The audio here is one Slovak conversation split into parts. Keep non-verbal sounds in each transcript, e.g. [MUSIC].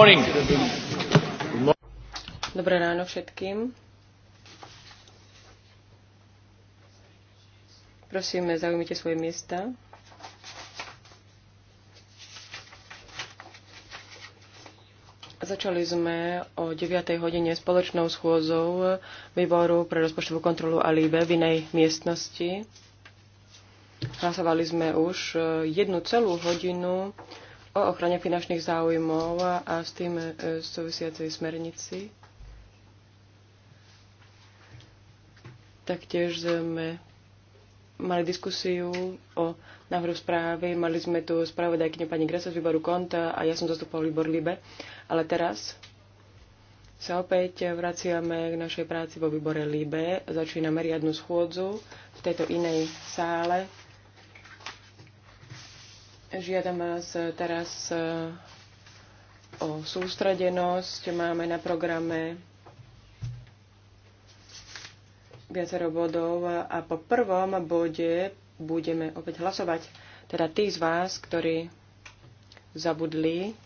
morning. Dobré ráno všetkým. Prosíme, zaujmite svoje miesta. Začali sme o 9. hodine spoločnou schôzou výboru pre rozpočtovú kontrolu a líbe v inej miestnosti. Hlasovali sme už eh, jednu celú hodinu o ochrane finančných záujmov a s tým e, súvisiacej smernici. Taktiež sme mali diskusiu o návrhu správy, mali sme tu spravodajkyňu pani Gresa z výboru Konta a ja som zastupoval výbor Libe, ale teraz sa opäť vraciame k našej práci vo výbore Libe. Začíname riadnu schôdzu v tejto inej sále Žiadam vás teraz e, o sústredenosť. Máme na programe viacero bodov a po prvom bode budeme opäť hlasovať. Teda tí z vás, ktorí zabudli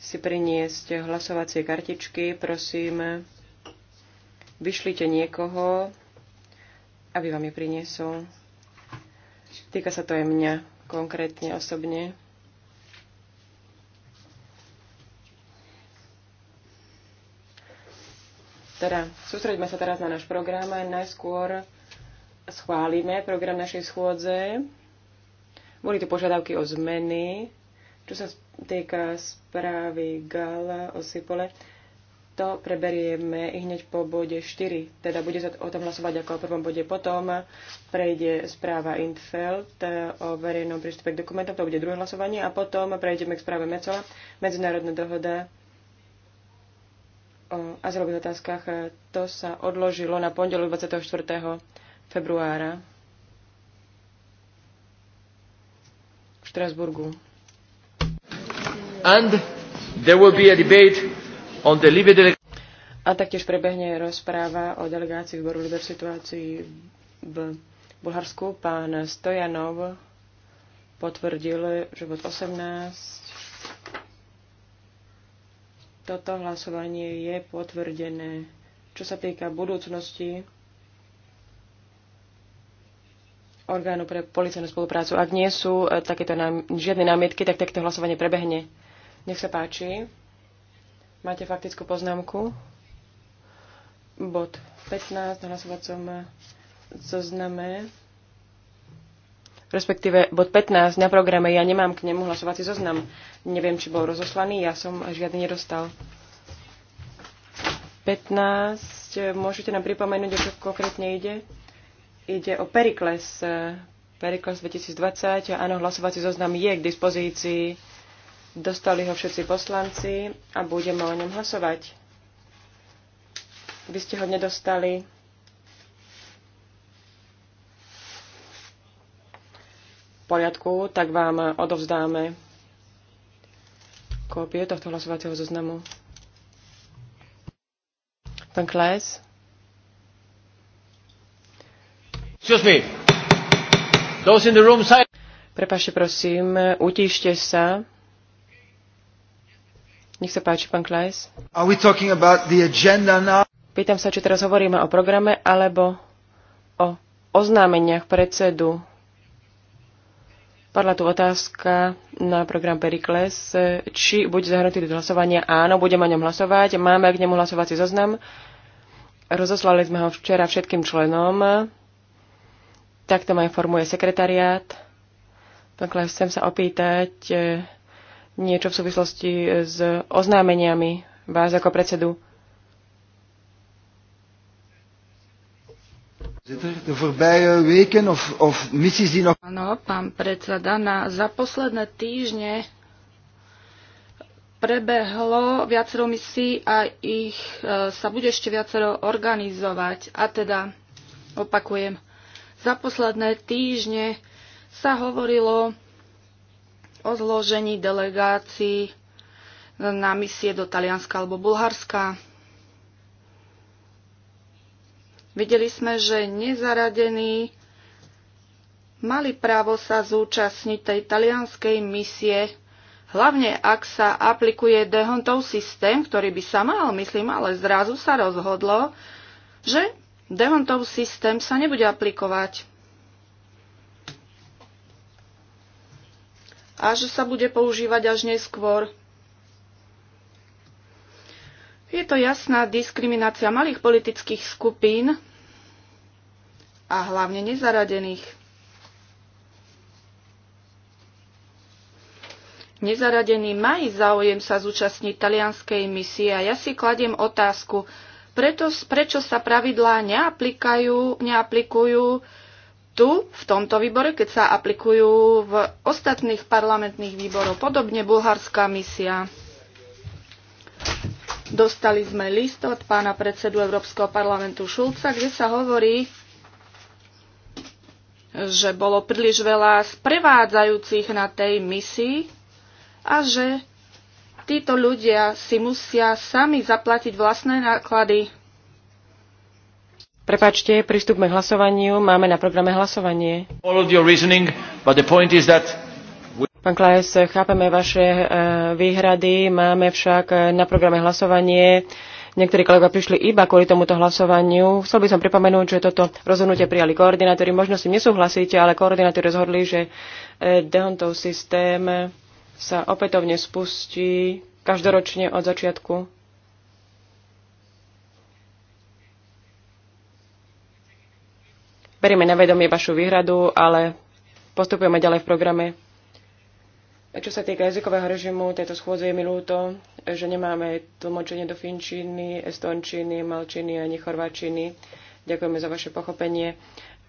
si priniesť hlasovacie kartičky, prosím, vyšlite niekoho, aby vám je priniesol. Týka sa to aj mňa konkrétne, osobne. Teda, sústredíme sa teraz na náš program a najskôr schválime program našej schôdze. Boli tu požiadavky o zmeny, čo sa týka správy Gala o Sipole to preberieme hneď po bode 4. Teda bude sa o tom hlasovať ako o prvom bode. Potom prejde správa Intfeld o verejnom prístupe k dokumentom, to bude druhé hlasovanie. A potom prejdeme k správe MECOLA, Medzinárodná dohoda o azylových otázkach. To sa odložilo na pondelok 24. februára v Štrasburgu. And there will be a debate a taktiež prebehne rozpráva o delegácii v Borulíbe v situácii v Bulharsku. Pán Stojanov potvrdil, že bod 18 toto hlasovanie je potvrdené. Čo sa týka budúcnosti orgánu pre policajnú spoluprácu, ak nie sú eh, takéto nám, žiadne námietky, tak takto hlasovanie prebehne. Nech sa páči. Máte faktickú poznámku? Bod 15 na hlasovacom zozname. Respektíve bod 15 na programe. Ja nemám k nemu hlasovací zoznam. Neviem, či bol rozoslaný. Ja som žiadny nedostal. 15. Môžete nám pripomenúť, o čo konkrétne ide? Ide o Perikles. Perikles 2020. Áno, hlasovací zoznam je k dispozícii Dostali ho všetci poslanci a budeme o ňom hlasovať. Vy ste ho nedostali. V poriadku, tak vám odovzdáme kópie tohto hlasovacieho zoznamu. Pán Klaes. Excuse me. Those in the room, Prepašte, prosím, utíšte sa. Nech sa páči, pán Klajs. Pýtam sa, či teraz hovoríme o programe alebo o oznámeniach predsedu. Padla tu otázka na program Perikles, či bude zahrnutý do hlasovania. Áno, budeme o ňom hlasovať. Máme k nemu hlasovací zoznam. Rozoslali sme ho včera všetkým členom. Takto ma informuje sekretariát. Pán Klajs, chcem sa opýtať, niečo v súvislosti s oznámeniami vás ako predsedu. Áno, pán predseda, na, za posledné týždne prebehlo viacero misií a ich e, sa bude ešte viacero organizovať. A teda, opakujem, za posledné týždne sa hovorilo o zložení delegácií na misie do Talianska alebo Bulharska. Videli sme, že nezaradení mali právo sa zúčastniť tej talianskej misie, hlavne ak sa aplikuje Dehontov systém, ktorý by sa mal, myslím, ale zrazu sa rozhodlo, že Dehontov systém sa nebude aplikovať. a že sa bude používať až neskôr. Je to jasná diskriminácia malých politických skupín a hlavne nezaradených. Nezaradený mají záujem sa zúčastniť talianskej misie a ja si kladiem otázku, preto, prečo sa pravidlá neaplikajú, neaplikujú tu, v tomto výbore, keď sa aplikujú v ostatných parlamentných výboroch. Podobne bulharská misia. Dostali sme list od pána predsedu Európskeho parlamentu Šulca, kde sa hovorí, že bolo príliš veľa sprevádzajúcich na tej misii a že títo ľudia si musia sami zaplatiť vlastné náklady Prepačte, pristúpme k hlasovaniu. Máme na programe hlasovanie. Pán Klaes, chápeme vaše eh, výhrady, máme však eh, na programe hlasovanie. Niektorí kolega prišli iba kvôli tomuto hlasovaniu. Chcel by som pripomenúť, že toto rozhodnutie prijali koordinátori. Možno si nesúhlasíte, ale koordinátori rozhodli, že eh, Dehontov systém sa opätovne spustí každoročne od začiatku Berieme na vedomie vašu výhradu, ale postupujeme ďalej v programe. Čo sa týka jazykového režimu, tejto schôdze je mi ľúto, že nemáme tlmočenie do finčiny, estončiny, malčiny ani chorváčiny. Ďakujeme za vaše pochopenie.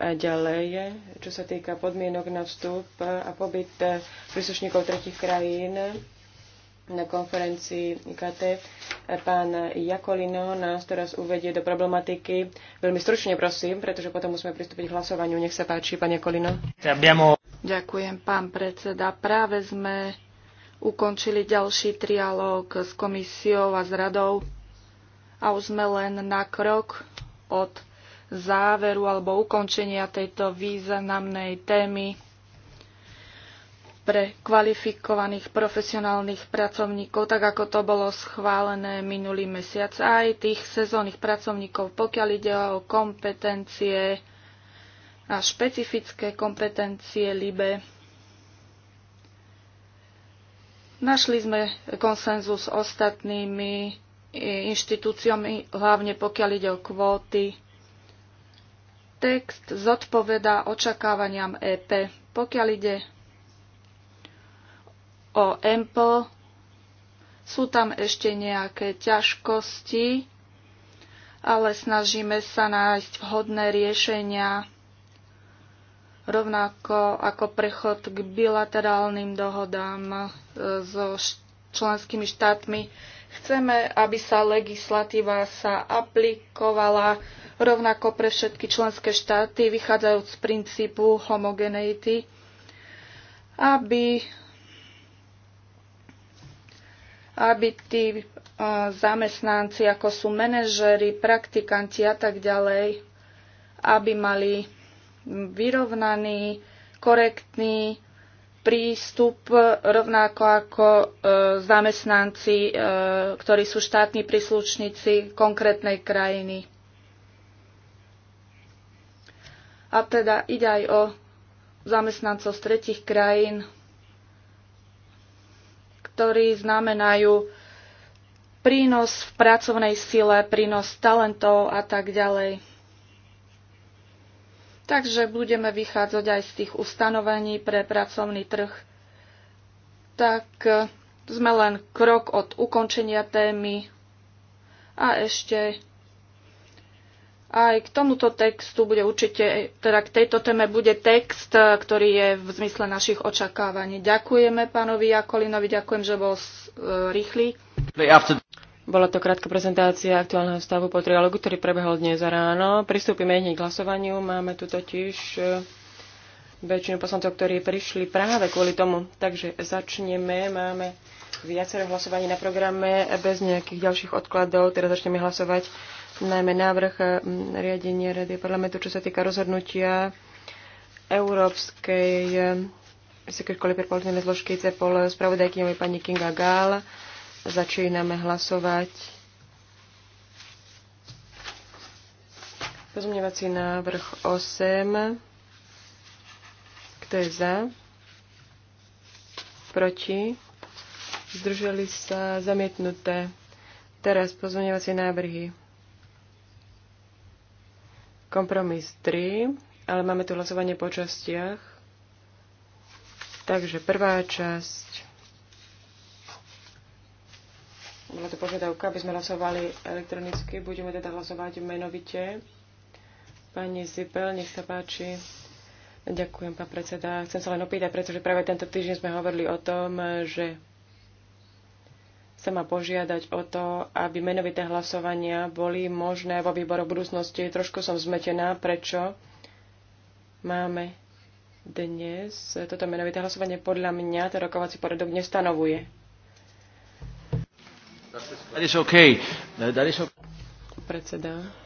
A ďalej, čo sa týka podmienok na vstup a pobyt príslušníkov tretich krajín, na konferencii IKT. Pán Jakolino nás teraz uvedie do problematiky. Veľmi stručne prosím, pretože potom musíme pristúpiť k hlasovaniu. Nech sa páči, pán Jakolino. Ďakujem, pán predseda. Práve sme ukončili ďalší trialóg s komisiou a s radou a už sme len na krok od záveru alebo ukončenia tejto významnej témy pre kvalifikovaných profesionálnych pracovníkov, tak ako to bolo schválené minulý mesiac, aj tých sezónnych pracovníkov, pokiaľ ide o kompetencie a špecifické kompetencie LIBE. Našli sme konsenzus s ostatnými inštitúciami, hlavne pokiaľ ide o kvóty. Text zodpoveda očakávaniam EP. Pokiaľ ide o EMPL. Sú tam ešte nejaké ťažkosti, ale snažíme sa nájsť vhodné riešenia, rovnako ako prechod k bilaterálnym dohodám e, so členskými štátmi. Chceme, aby sa legislatíva sa aplikovala rovnako pre všetky členské štáty, vychádzajúc z princípu homogeneity, aby aby tí zamestnanci, ako sú manažery, praktikanti a tak ďalej, aby mali vyrovnaný, korektný prístup, rovnako ako e, zamestnanci, e, ktorí sú štátni príslušníci konkrétnej krajiny. A teda ide aj o zamestnancov z tretich krajín, ktorí znamenajú prínos v pracovnej sile, prínos talentov a tak ďalej. Takže budeme vychádzať aj z tých ustanovení pre pracovný trh. Tak e, sme len krok od ukončenia témy a ešte aj k tomuto textu bude určite, teda k tejto téme bude text, eh, ktorý je v zmysle našich očakávaní. Ďakujeme pánovi Jakolinovi, ďakujem, že bol eh, rýchly. Bola to krátka prezentácia aktuálneho stavu po trialogu, ktorý prebehol dnes ráno. Pristúpime hneď k hlasovaniu. Máme tu totiž eh, väčšinu poslancov, ktorí prišli práve kvôli tomu. Takže začneme. Máme viacero hlasovaní na programe bez nejakých ďalších odkladov. Teraz začneme hlasovať najmä návrh eh, riadenia Rady parlamentu, čo sa týka rozhodnutia Európskej vysokej školy pre politické zložky CEPOL spravodajkyňou pani Kinga Gál. Začíname hlasovať. Pozmeňovací návrh 8. Kto je za? Proti? Zdržali sa zamietnuté. Teraz pozmeňovacie návrhy. Kompromis 3, ale máme tu hlasovanie po častiach. Takže prvá časť. Bola to požiadavka, aby sme hlasovali elektronicky. Budeme teda hlasovať menovite. Pani Zipel, nech sa páči. Ďakujem, pán predseda. Chcem sa len opýtať, pretože práve tento týždeň sme hovorili o tom, že chcem ma požiadať o to, aby menovité hlasovania boli možné vo výboru budúcnosti. Trošku som zmetená, prečo máme dnes toto menovité hlasovanie podľa mňa ten rokovací poriadok nestanovuje. That is okay. That is okay. Predseda.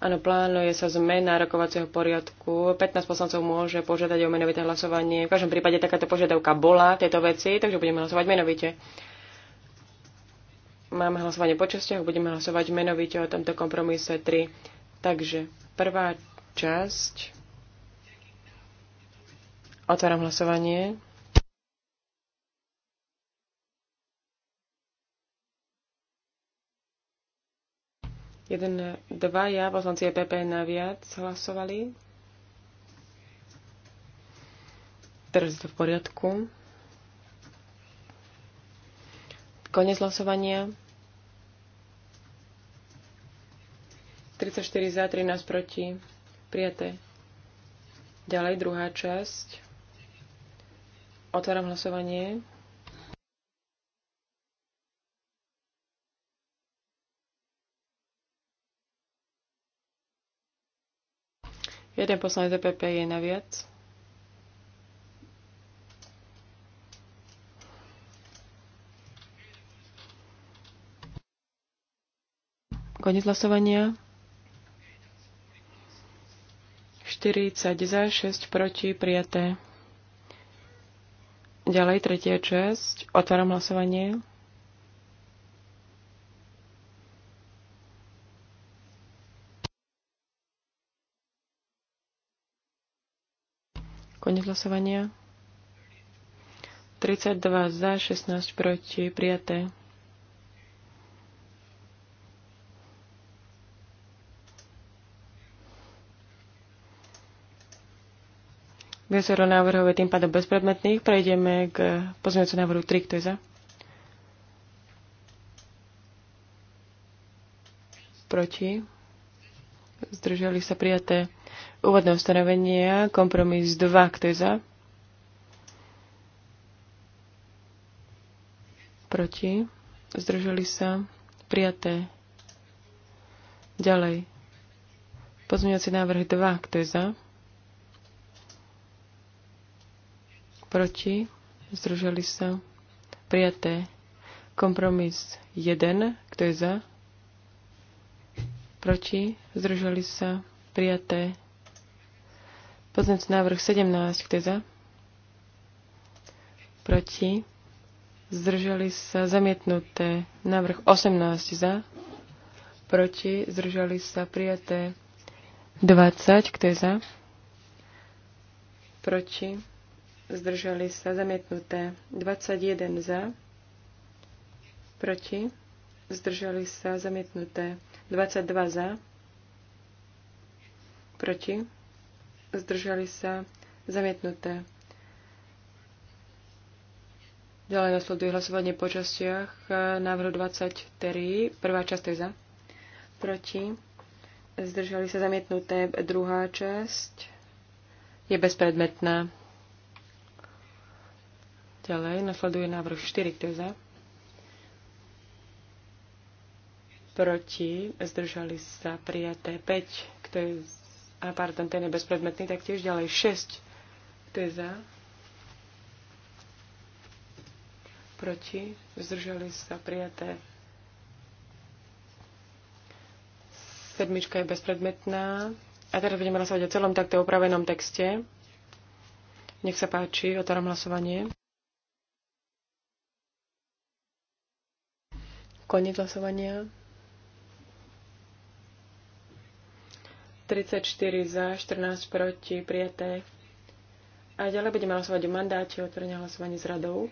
Áno, plánuje sa zmena rokovacieho poriadku. 15 poslancov môže požiadať o menovité hlasovanie. V každom prípade takáto požiadavka bola tejto veci, takže budeme hlasovať menovite. Máme hlasovanie po častiach, budeme hlasovať menovite o tomto kompromise 3. Takže prvá časť. Otváram hlasovanie. Jeden, dva ja, poslanci EPP naviac hlasovali. Teraz je to v poriadku. Konec hlasovania. 34 za, 13 proti. Prijaté. Ďalej druhá časť. Otváram hlasovanie. Jeden poslanec EPP je naviac. Konec hlasovania. 40 za, 6 proti, prijaté. Ďalej tretia časť. Otváram hlasovanie. Konec hlasovania. 32 za, 16 proti, prijaté. Viacero návrhov je tým pádom bezpredmetných. Prejdeme k pozmeňujúcu návrhu 3, kto je za? Proti zdržali sa prijaté úvodné ustanovenia, kompromis 2, kto je za, proti, zdržali sa prijaté. Ďalej. Pozmeňovací návrh 2, kto je za, proti, zdržali sa prijaté. Kompromis 1, kto je za, proti, zdržali sa, prijaté. Poznáte návrh 17, kto je za? Proti, zdržali sa, zamietnuté. Návrh 18 za, proti, zdržali sa, prijaté. 20, kto je za? Proti, zdržali sa, zamietnuté. 21 za, proti, zdržali sa, zamietnuté. 22 za, proti, zdržali sa, zamietnuté. Ďalej nasleduje hlasovanie po častiach e, návrhu 23. Prvá časť je za. Proti. Zdržali sa zamietnuté. Druhá časť je bezpredmetná. Ďalej nasleduje návrh 4. Kto je za? proti, zdržali sa prijaté 5, kto je, a pardon, ten je bezpredmetný, tak tiež ďalej 6, kto je za, proti, zdržali sa prijaté sedmička je bezpredmetná. A teraz budeme hlasovať o celom takto upravenom texte. Nech sa páči, otváram hlasovanie. Koniec hlasovania. 34 za, 14 proti, prijaté. A ďalej budeme hlasovať o mandáte, otvorenie hlasovanie s radou.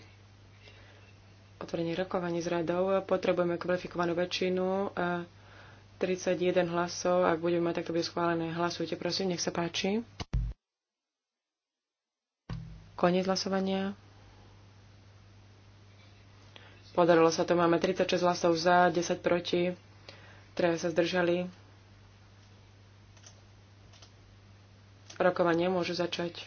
Otvorenie rokovanie s radou. Potrebujeme kvalifikovanú väčšinu. 31 hlasov. Ak budeme mať, takto schválené. Hlasujte, prosím, nech sa páči. Koniec hlasovania. Podarilo sa to. Máme 36 hlasov za, 10 proti. Traja sa zdržali. Rokovania môže začať.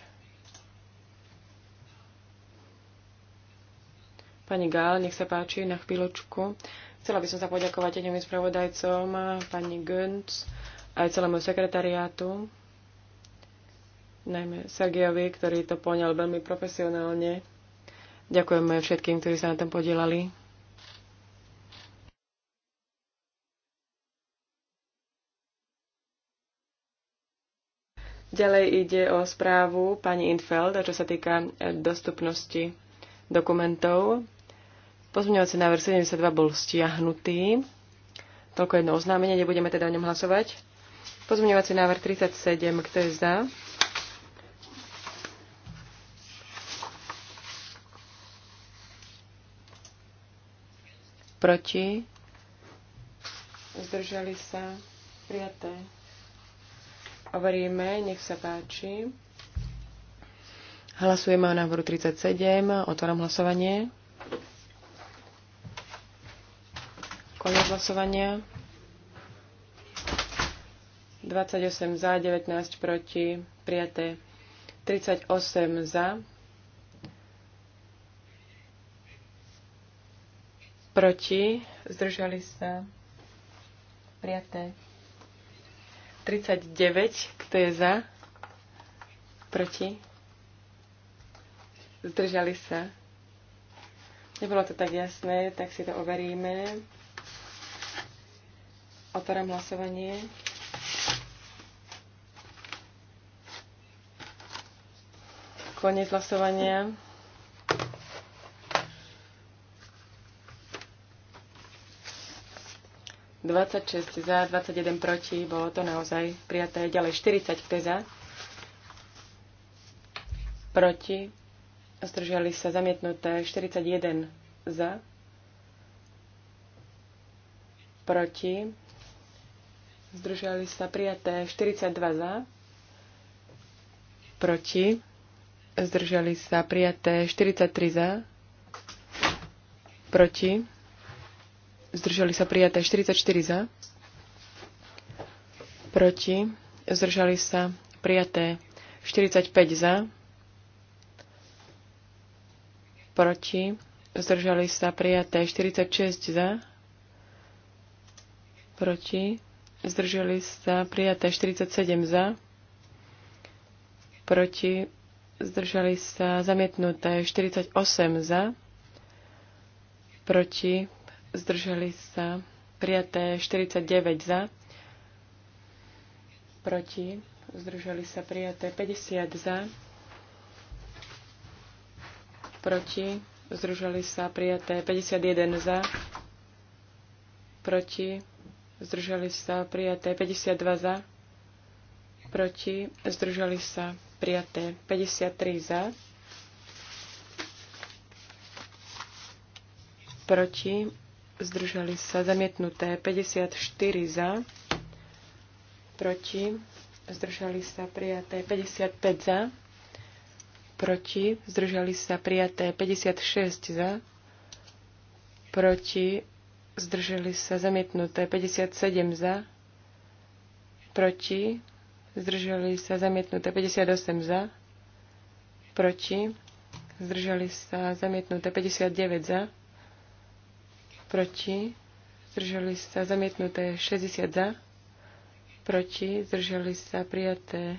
Pani Gál, nech sa páči, na chvíľočku. Chcela by som sa poďakovať jedným spravodajcom, pani Gönc, aj celému sekretariátu, najmä Sergejovi, ktorý to poňal veľmi profesionálne. Ďakujeme všetkým, ktorí sa na tom podielali. Ďalej ide o správu pani Infeld, čo sa týka e, dostupnosti dokumentov. Pozmeňovací návrh 72 bol stiahnutý. Toľko jedno oznámenie, nebudeme teda o ňom hlasovať. Pozmeňovací návrh 37, kto je za? Proti? Zdržali sa? Prijaté. Overíme, nech sa páči. Hlasujeme o návrhu 37. Otváram hlasovanie. Koniec hlasovania. 28 za, 19 proti, prijaté 38 za, proti, zdržali sa, prijaté 39, kto je za? Proti? Zdržali sa? Nebolo to tak jasné, tak si to overíme. Otváram hlasovanie. Koniec hlasovania. 26 za, 21 proti, bolo to naozaj prijaté. Ďalej 40 kto za, proti, zdržali sa zamietnuté 41 za, proti, zdržali sa prijaté 42 za, proti, zdržali sa prijaté 43 za, proti, zdržali sa prijaté 44 za, proti, zdržali sa prijaté 45 za, proti, zdržali sa prijaté 46 za, proti, zdržali sa prijaté 47 za, proti, zdržali sa zamietnuté 48 za, proti, zdržali sa prijaté 49 za, proti, zdržali sa prijaté 50 za, proti, zdržali sa prijaté 51 za, proti, zdržali sa prijaté 52 za, proti, zdržali sa prijaté 53 za, proti, zdržali sa zamietnuté 54 za, proti, zdržali sa prijaté 55 za, proti, zdržali sa prijaté 56 za, proti, zdržali sa zamietnuté 57 za, proti, zdržali sa zamietnuté 58 za, proti, zdržali sa zamietnuté 59 za, proti, zdržali sa zamietnuté 60 za, proti, zdržali sa prijaté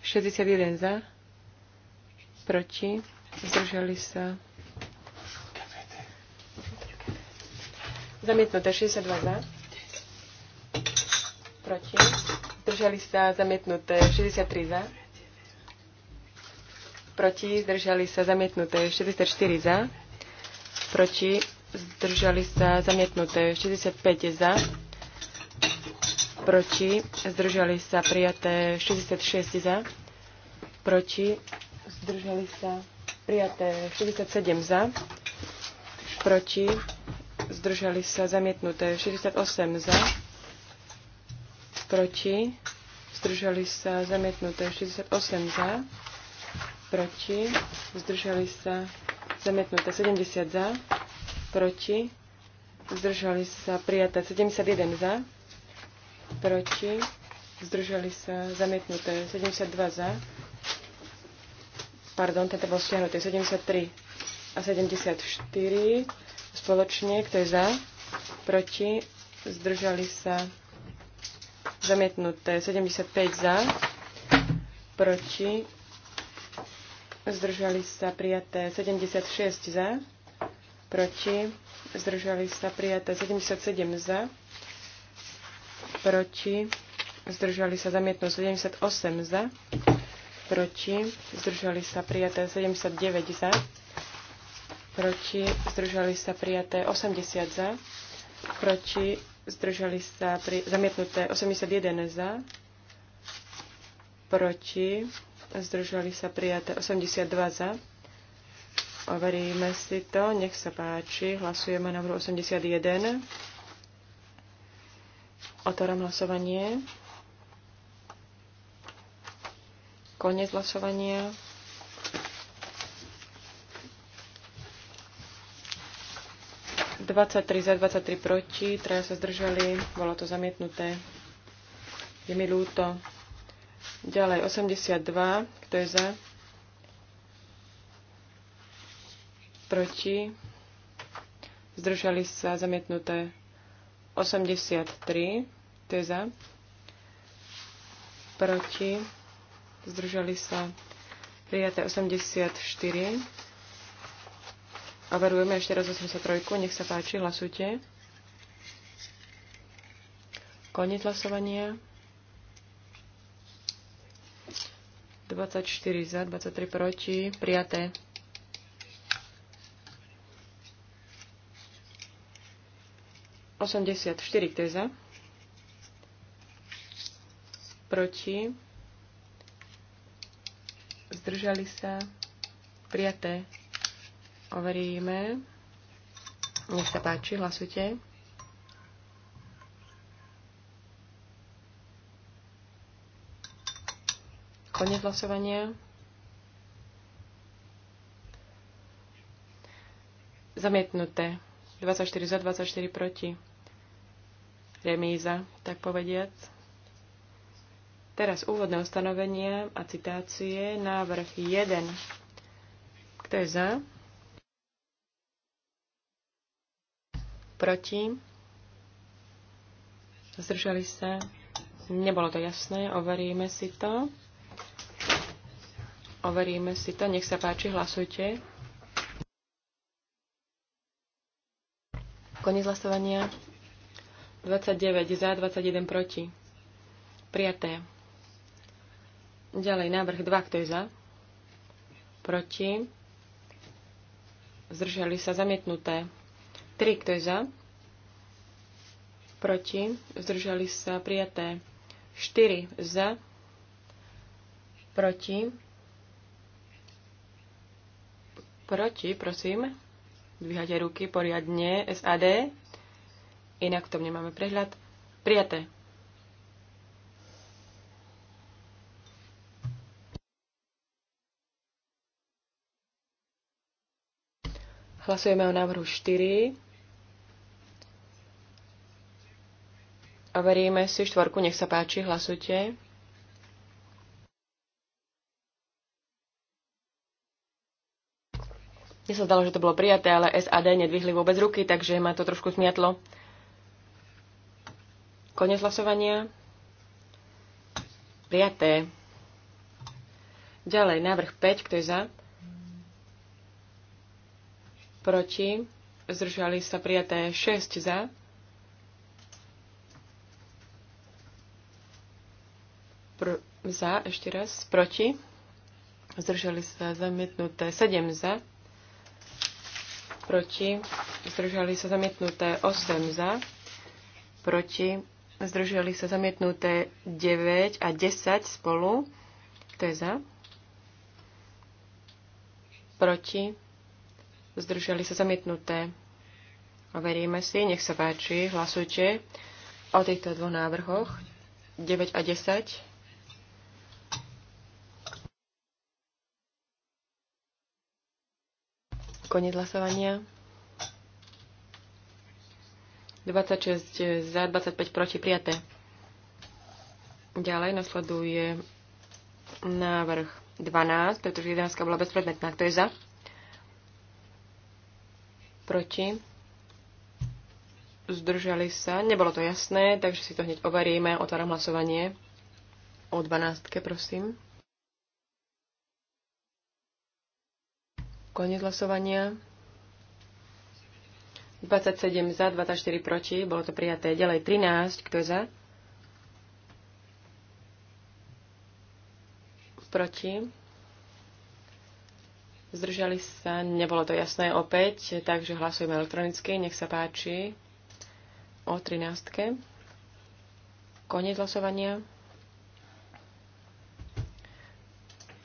61 za, proti, zdržali sa zamietnuté 62 za, proti, zdržali sa zamietnuté 63 za, proti, zdržali sa zamietnuté 64 za, proti, zdržali sa zamietnuté 65 je za, proti, zdržali sa prijaté 66 za, proti, zdržali sa prijaté 67 za, proti, zdržali sa zamietnuté 68 za, proti, zdržali sa zamietnuté 68 za, proti, zdržali sa zamietnuté 70 za, proti, zdržali sa prijaté 71 za, proti, zdržali sa zamietnuté 72 za, pardon, tento bol stiahnutý 73 a 74 spoločne, kto je za, proti, zdržali sa zamietnuté 75 za, proti, zdržali sa prijaté 76 za, proti, zdržali sa prijaté 77 za, proti, zdržali sa zamietnú 78 za, proti, zdržali sa prijaté 79 za, proti, zdržali sa prijaté 80 za, proti, zdržali sa pri, zamietnuté 81 za, proti, zdržali sa prijaté 82 za, Overíme si to. Nech sa páči. Hlasujeme na 81. Otváram hlasovanie. Koniec hlasovania. za, 23 proti, traja sa zdržali, bolo to zamietnuté. Je mi ľúto. Ďalej, 82, kto je za? proti, zdržali sa zamietnuté 83, to je za, proti, zdržali sa prijaté 84. Overujeme ešte raz 83, nech sa páči, hlasujte. Koniec hlasovania. 24 za, 23 proti, prijaté. 84, kto za? Proti? Zdržali sa? Prijaté. Overíme. Nech sa páči, hlasujte. Konec hlasovania. Zamietnuté. 24 za, 24 proti remíza, tak povediac. Teraz úvodné ustanovenia a citácie. Návrh 1. Kto je za? Proti? Zdržali sa? Nebolo to jasné. Overíme si to. Overíme si to. Nech sa páči, hlasujte. Koniec hlasovania. 29 za, 21 proti. Prijaté. Ďalej návrh 2, kto je za? Proti. Zdržali sa zamietnuté. 3, kto je za? Proti. Zdržali sa prijaté. 4 za. Proti. Proti, prosím. Dvíhate ruky poriadne. SAD. Inak v tom nemáme prehľad. Prijaté. Hlasujeme o návrhu 4. Overíme si štvorku, nech sa páči, hlasujte. Mne sa zdalo, že to bolo prijaté, ale SAD nedvihli vôbec ruky, takže ma to trošku smiatlo. Konec hlasovania. Prijaté. Ďalej, návrh 5, kto je za? Proti. Zdržali sa prijaté 6 za. Pr- za, ešte raz, proti. Zdržali sa zamietnuté 7 za. Proti. Zdržali sa zamietnuté 8 za. Proti. Zdržali sa zamietnuté 9 a 10 spolu. Kto je za? Proti? Zdržali sa zamietnuté. veríme si, nech sa páči, hlasujte o týchto dvoch návrhoch 9 a 10. koniec hlasovania. 26 eh, za, 25 proti prijaté. Ďalej nasleduje návrh 12, pretože 11 bola bezpredmetná. Kto je za? Proti? Zdržali sa. Nebolo to jasné, takže si to hneď overíme. Otváram hlasovanie o 12, prosím. Koniec hlasovania. 27 za, 24 proti, bolo to prijaté. Ďalej 13, kto je za? Proti. Zdržali sa, nebolo to jasné opäť, takže hlasujeme elektronicky, nech sa páči. O 13. Koniec hlasovania.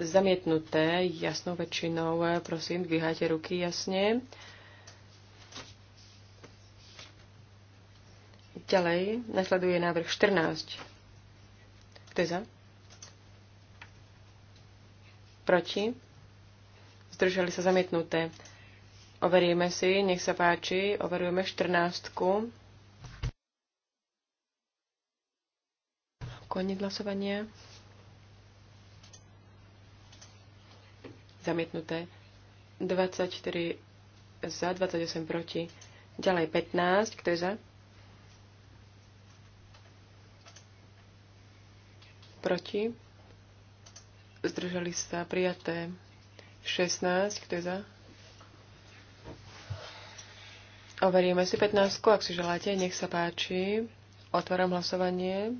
Zamietnuté jasnou väčšinou, prosím, dvíhajte ruky jasne. Ďalej nasleduje návrh 14. Kto je za? Proti? Zdržali sa zamietnuté. Overíme si, nech sa páči, overujeme 14. Koniec hlasovania. Zamietnuté. 24 za, 28 proti. Ďalej 15. Kto je za? proti, zdržali sa prijaté 16, kto je za? Overíme si 15, ak si želáte, nech sa páči. Otváram hlasovanie.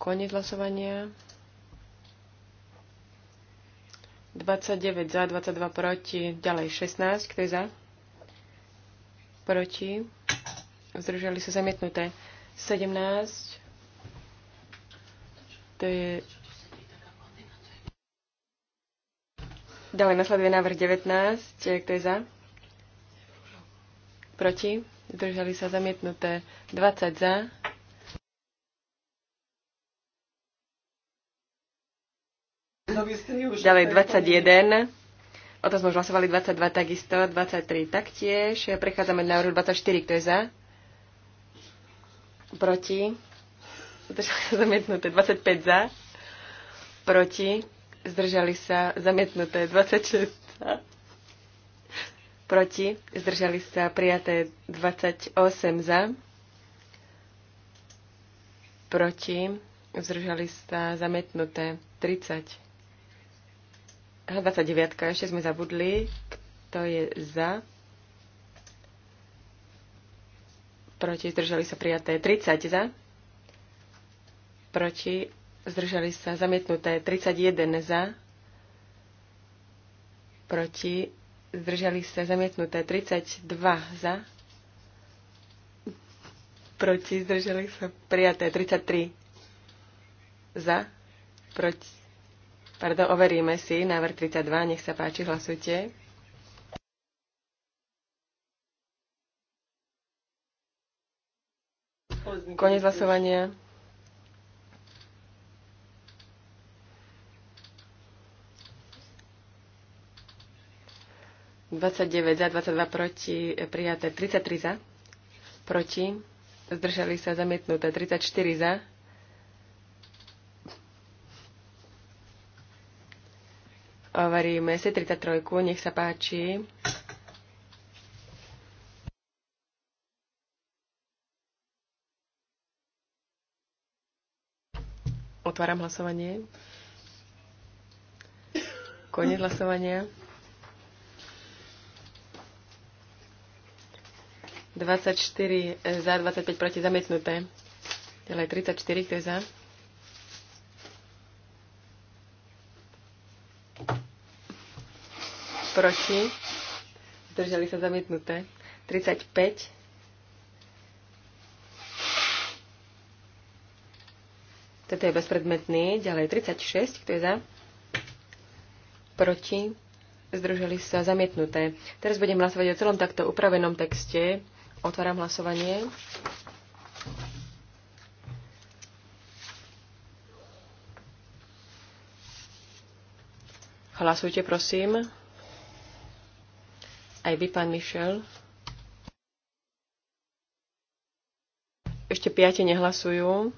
Koniec hlasovania. 29 za, 22 proti, ďalej 16, kto je za? Proti. Zdržali sa zamietnuté 17, to je... Ďalej nasleduje návrh 19. Kto je za? Proti? Zdržali sa zamietnuté 20 za. Ďalej 21. O tom sme už hlasovali 22 takisto, 23 taktiež. Prechádzame na návrhu 24. Kto je za? Proti? zdržali zamietnuté 25 za, proti, zdržali sa zamietnuté 26 za, proti, zdržali sa prijaté 28 za, proti, zdržali sa zamietnuté 30. A 29, ešte sme zabudli, kto je za, proti, zdržali sa prijaté 30 za, proti, zdržali sa zamietnuté 31 za, proti, zdržali sa zamietnuté 32 za, proti, zdržali sa prijaté 33 za, proti, pardon, overíme si návrh 32, nech sa páči, hlasujte. Konec hlasovania. 29 za, 22 proti, e, prijaté 33 za, proti, zdržali sa zamietnuté 34 za, Ovaríme si 33, nech sa páči. Otváram hlasovanie. Koniec hlasovania. 24 e, za, 25 proti zamietnuté. Ďalej 34, kto je za? Proti. Zdržali sa zamietnuté. 35. Toto je bezpredmetný. Ďalej 36, kto je za? Proti. Zdržali sa zamietnuté. Teraz budem hlasovať o celom takto upravenom texte Otváram hlasovanie. Hlasujte, prosím. Aj vy, pán Mišel. Ešte piate nehlasujú.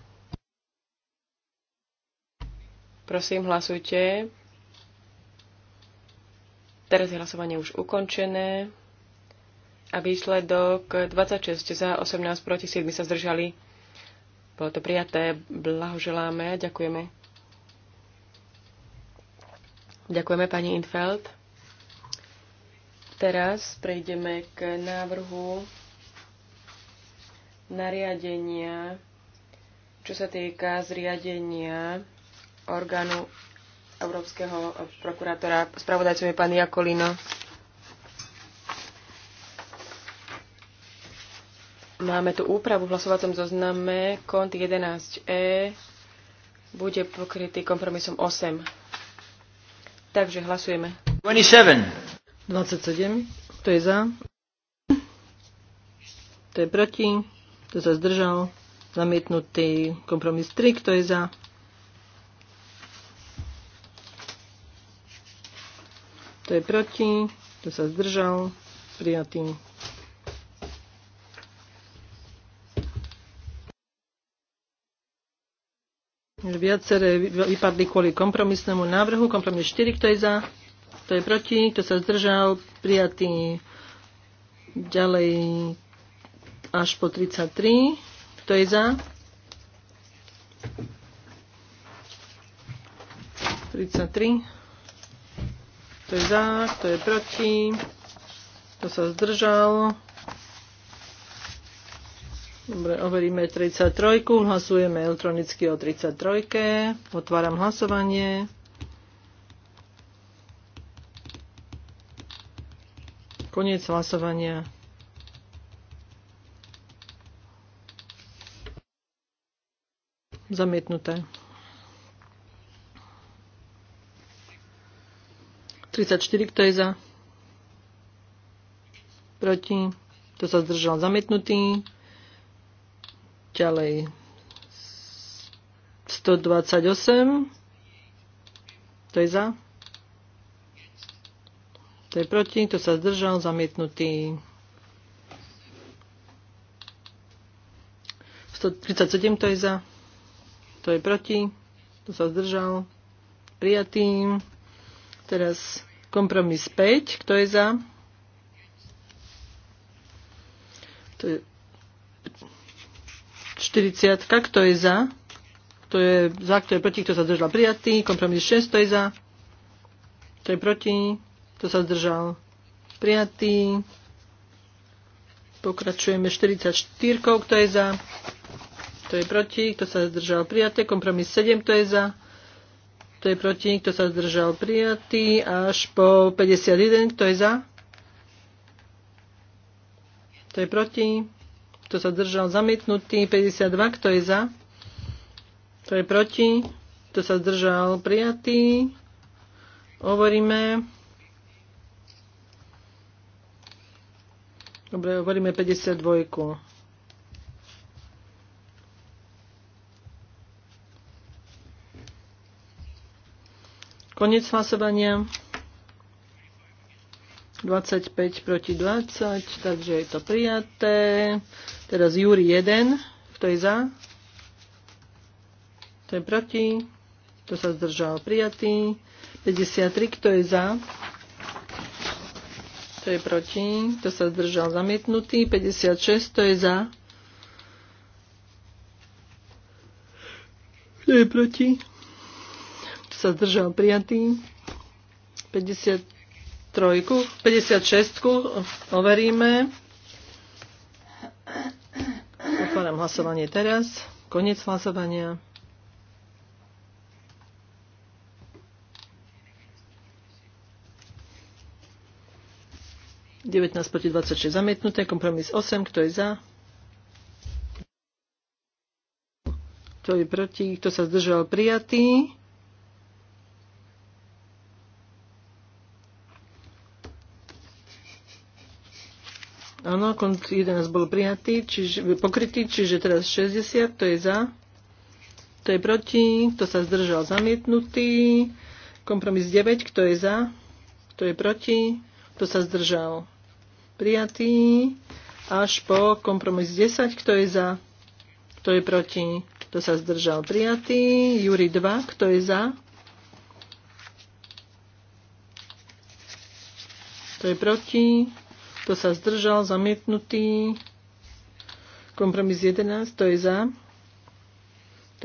Prosím, hlasujte. Teraz je hlasovanie už ukončené a výsledok 26 za, 18 proti, 7 sa zdržali. Bolo to prijaté, blahoželáme, ďakujeme. Ďakujeme pani Infeld. Teraz prejdeme k návrhu nariadenia, čo sa týka zriadenia orgánu Európskeho prokurátora. Spravodajcom je pán Jakolino. Máme tu úpravu v hlasovacom zozname. Kont 11e bude pokrytý kompromisom 8. Takže hlasujeme. 27. 27. Kto je za? To je proti? To sa zdržal? Zamietnutý kompromis 3. Kto je za? To je proti? to sa zdržal? Prijatý Viaceré vypadli kvôli kompromisnému návrhu. Kompromis 4, kto je za, kto je proti, kto sa zdržal, prijatý ďalej až po 33. Kto je za? 33. Kto je za? Kto je proti? Kto sa zdržal? Dobre, overíme 33. Hlasujeme elektronicky o 33. Otváram hlasovanie. Koniec hlasovania. Zamietnuté. 34, kto je za? Proti. Kto sa zdržal? Zamietnutý. Ďalej. 128. To je za. To je proti. To sa zdržal. Zamietnutý. 137. To je za. To je proti. To sa zdržal. Prijatý. Teraz kompromis 5. Kto je za? To je 40, kto je za? Kto je za, kto je proti, kto sa zdržal prijatý. Kompromis 6, kto je za? Kto je proti, kto sa zdržal prijatý. Pokračujeme 44, kto je za? Kto je proti, kto sa zdržal prijaté. Kompromis 7, kto je za? Kto je proti, kto sa zdržal prijatý. Až po 51, kto je za? Kto je proti? Kto sa zdržal? Zamietnutý. 52. Kto je za? Kto je proti? Kto sa zdržal? Prijatý. Hovoríme. Dobre, hovoríme 52. Konec hlasovania. 25 proti 20, takže je to prijaté. Teraz Júri 1, kto je za? Kto je proti? Kto sa zdržal? Prijatý. 53, kto je za? Kto je proti? Kto sa zdržal? Zamietnutý. 56, kto je za? Kto je proti? Kto sa zdržal? Prijatý. 50, Trojku. 56 overíme. Otváram hlasovanie teraz. Konec hlasovania. Devätnásť proti 26 zamietnuté, kompromis 8, kto je za? Kto je proti? Kto sa zdržal prijatý? áno, konc 11 bol prijatý, čiže pokrytý, čiže teraz 60, to je za, kto je proti, kto sa zdržal zamietnutý, kompromis 9, kto je za, kto je proti, kto sa zdržal prijatý, až po kompromis 10, kto je za, kto je proti, kto sa zdržal prijatý, Júri 2, kto je za, kto je proti, kto sa zdržal? Zamietnutý. Kompromis 11. To je za.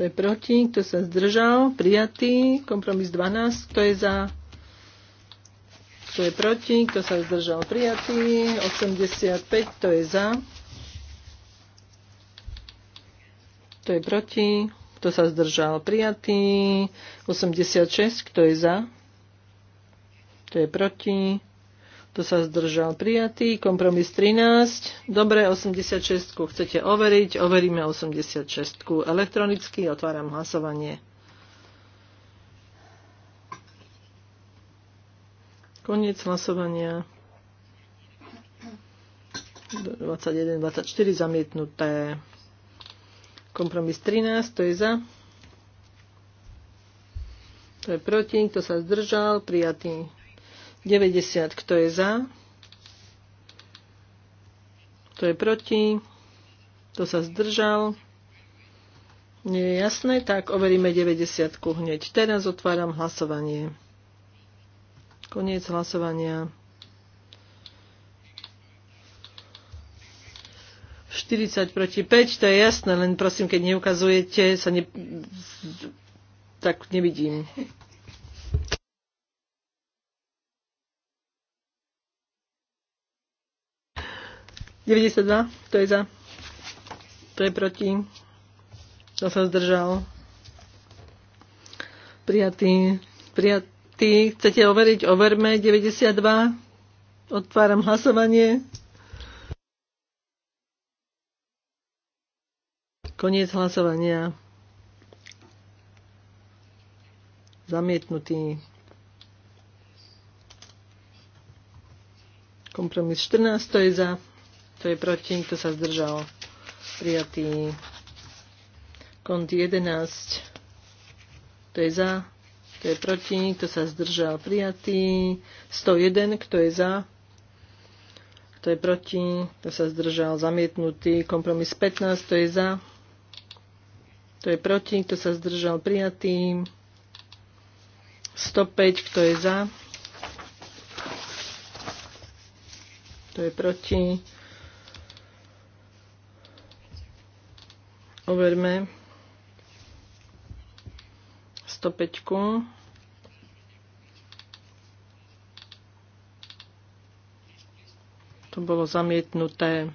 To je proti. Kto sa zdržal? Prijatý. Kompromis 12. To je za. To je proti? Kto sa zdržal? Prijatý. 85. To je za. to je proti? Kto sa zdržal? Prijatý. 86. Kto je za? To je proti? kto sa zdržal prijatý, kompromis 13, dobre, 86 chcete overiť, overíme 86 elektronicky, otváram hlasovanie. Koniec hlasovania. 21-24 zamietnuté. Kompromis 13, to je za. To je proti, kto sa zdržal, prijatý. 90, kto je za, kto je proti, kto sa zdržal. Nie je jasné, tak overíme 90 hneď. Teraz otváram hlasovanie. Koniec hlasovania. 40 proti 5, to je jasné, len prosím, keď neukazujete, sa ne... tak nevidím. 92, to je za. To je proti. Kto sa zdržal? Prijatý. Prijatý. Chcete overiť? Overme 92. Otváram hlasovanie. Koniec hlasovania. Zamietnutý. Kompromis 14, to je za. Kto je proti? Kto sa zdržal? Prijatý. Kont 11. Kto je za? Kto je proti? Kto sa zdržal? Prijatý. 101. Kto je za? Kto je proti? Kto sa zdržal? Zamietnutý. Kompromis 15. Kto je za? Kto je proti? Kto sa zdržal? Prijatý. 105. Kto je za? Kto je proti? Overme 105. To bolo zamietnuté.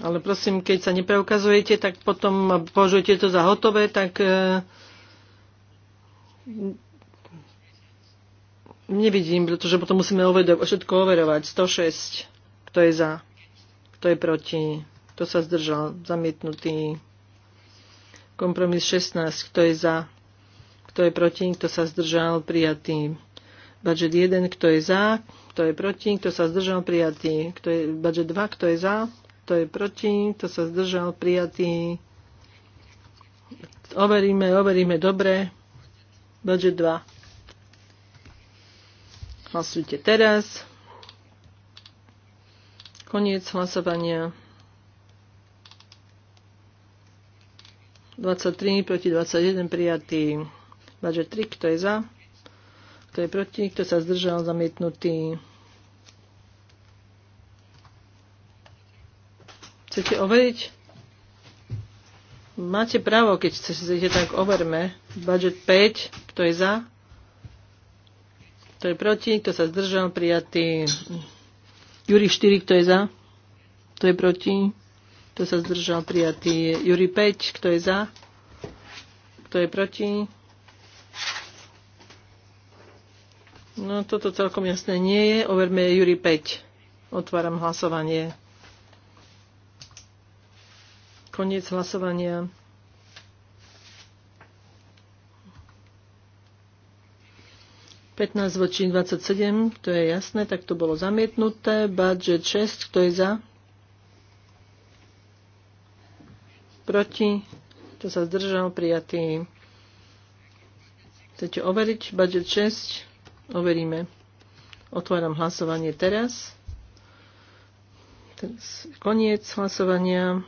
Ale prosím, keď sa nepreukazujete, tak potom považujete to za hotové, tak e, nevidím, pretože potom musíme všetko overovať. 106, kto je za? Kto je proti? Kto sa zdržal? Zamietnutý. Kompromis 16. Kto je za? Kto je proti? Kto sa zdržal? Prijatý. Budget 1. Kto je za? Kto je proti? Kto sa zdržal? Prijatý. Kto je, budget 2. Kto je za? Kto je proti? Kto sa zdržal? Prijatý. Overíme, overíme. Dobre. Budget 2. Hlasujte teraz. Koniec hlasovania. 23 proti 21 prijatý. Budget 3, kto je za? Kto je proti? Kto sa zdržal? Zamietnutý. Chcete overiť? Máte právo, keď chcete, tak overme. Budget 5, kto je za? Kto je proti? Kto sa zdržal? Prijatý. Juri 4, kto je za? Kto je proti? Kto sa zdržal prijatý? Juri 5, kto je za? Kto je proti? No toto celkom jasné nie je. Overme Juri 5. Otváram hlasovanie. Koniec hlasovania. 15 voči 27, to je jasné, tak to bolo zamietnuté. Budget 6, kto je za? Proti? Kto sa zdržal? Prijatý. Chcete overiť? Budget 6? Overíme. Otváram hlasovanie teraz. teraz koniec hlasovania.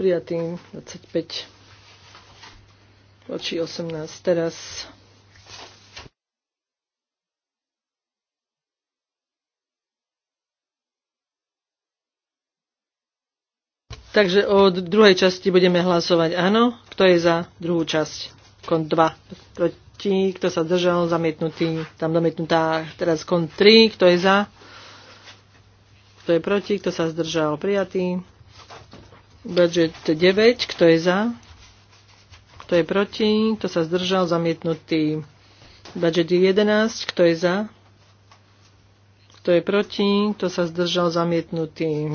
prijatý 25 voči 18. Teraz Takže o druhej časti budeme hlasovať áno. Kto je za druhú časť? Kon 2. Proti. Kto sa držal? Zamietnutý. Tam zamietnutá. Teraz kon 3. Kto je za? Kto je proti? Kto sa zdržal? Prijatý. Budget 9, kto je za? Kto je proti? Kto sa zdržal? Zamietnutý. Budget 11, kto je za? Kto je proti? Kto sa zdržal? Zamietnutý.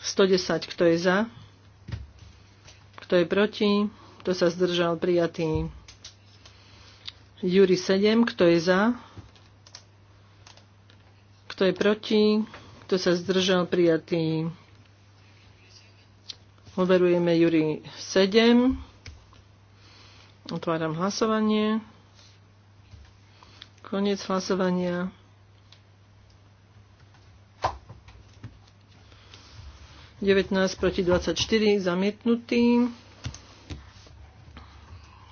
110, kto je za? Kto je proti? Kto sa zdržal? Prijatý. Júri 7, kto je za? Kto je proti? Kto sa zdržal? Prijatý. Overujeme Juri 7. Otváram hlasovanie. Koniec hlasovania. Devätnásť proti 24 zamietnutý.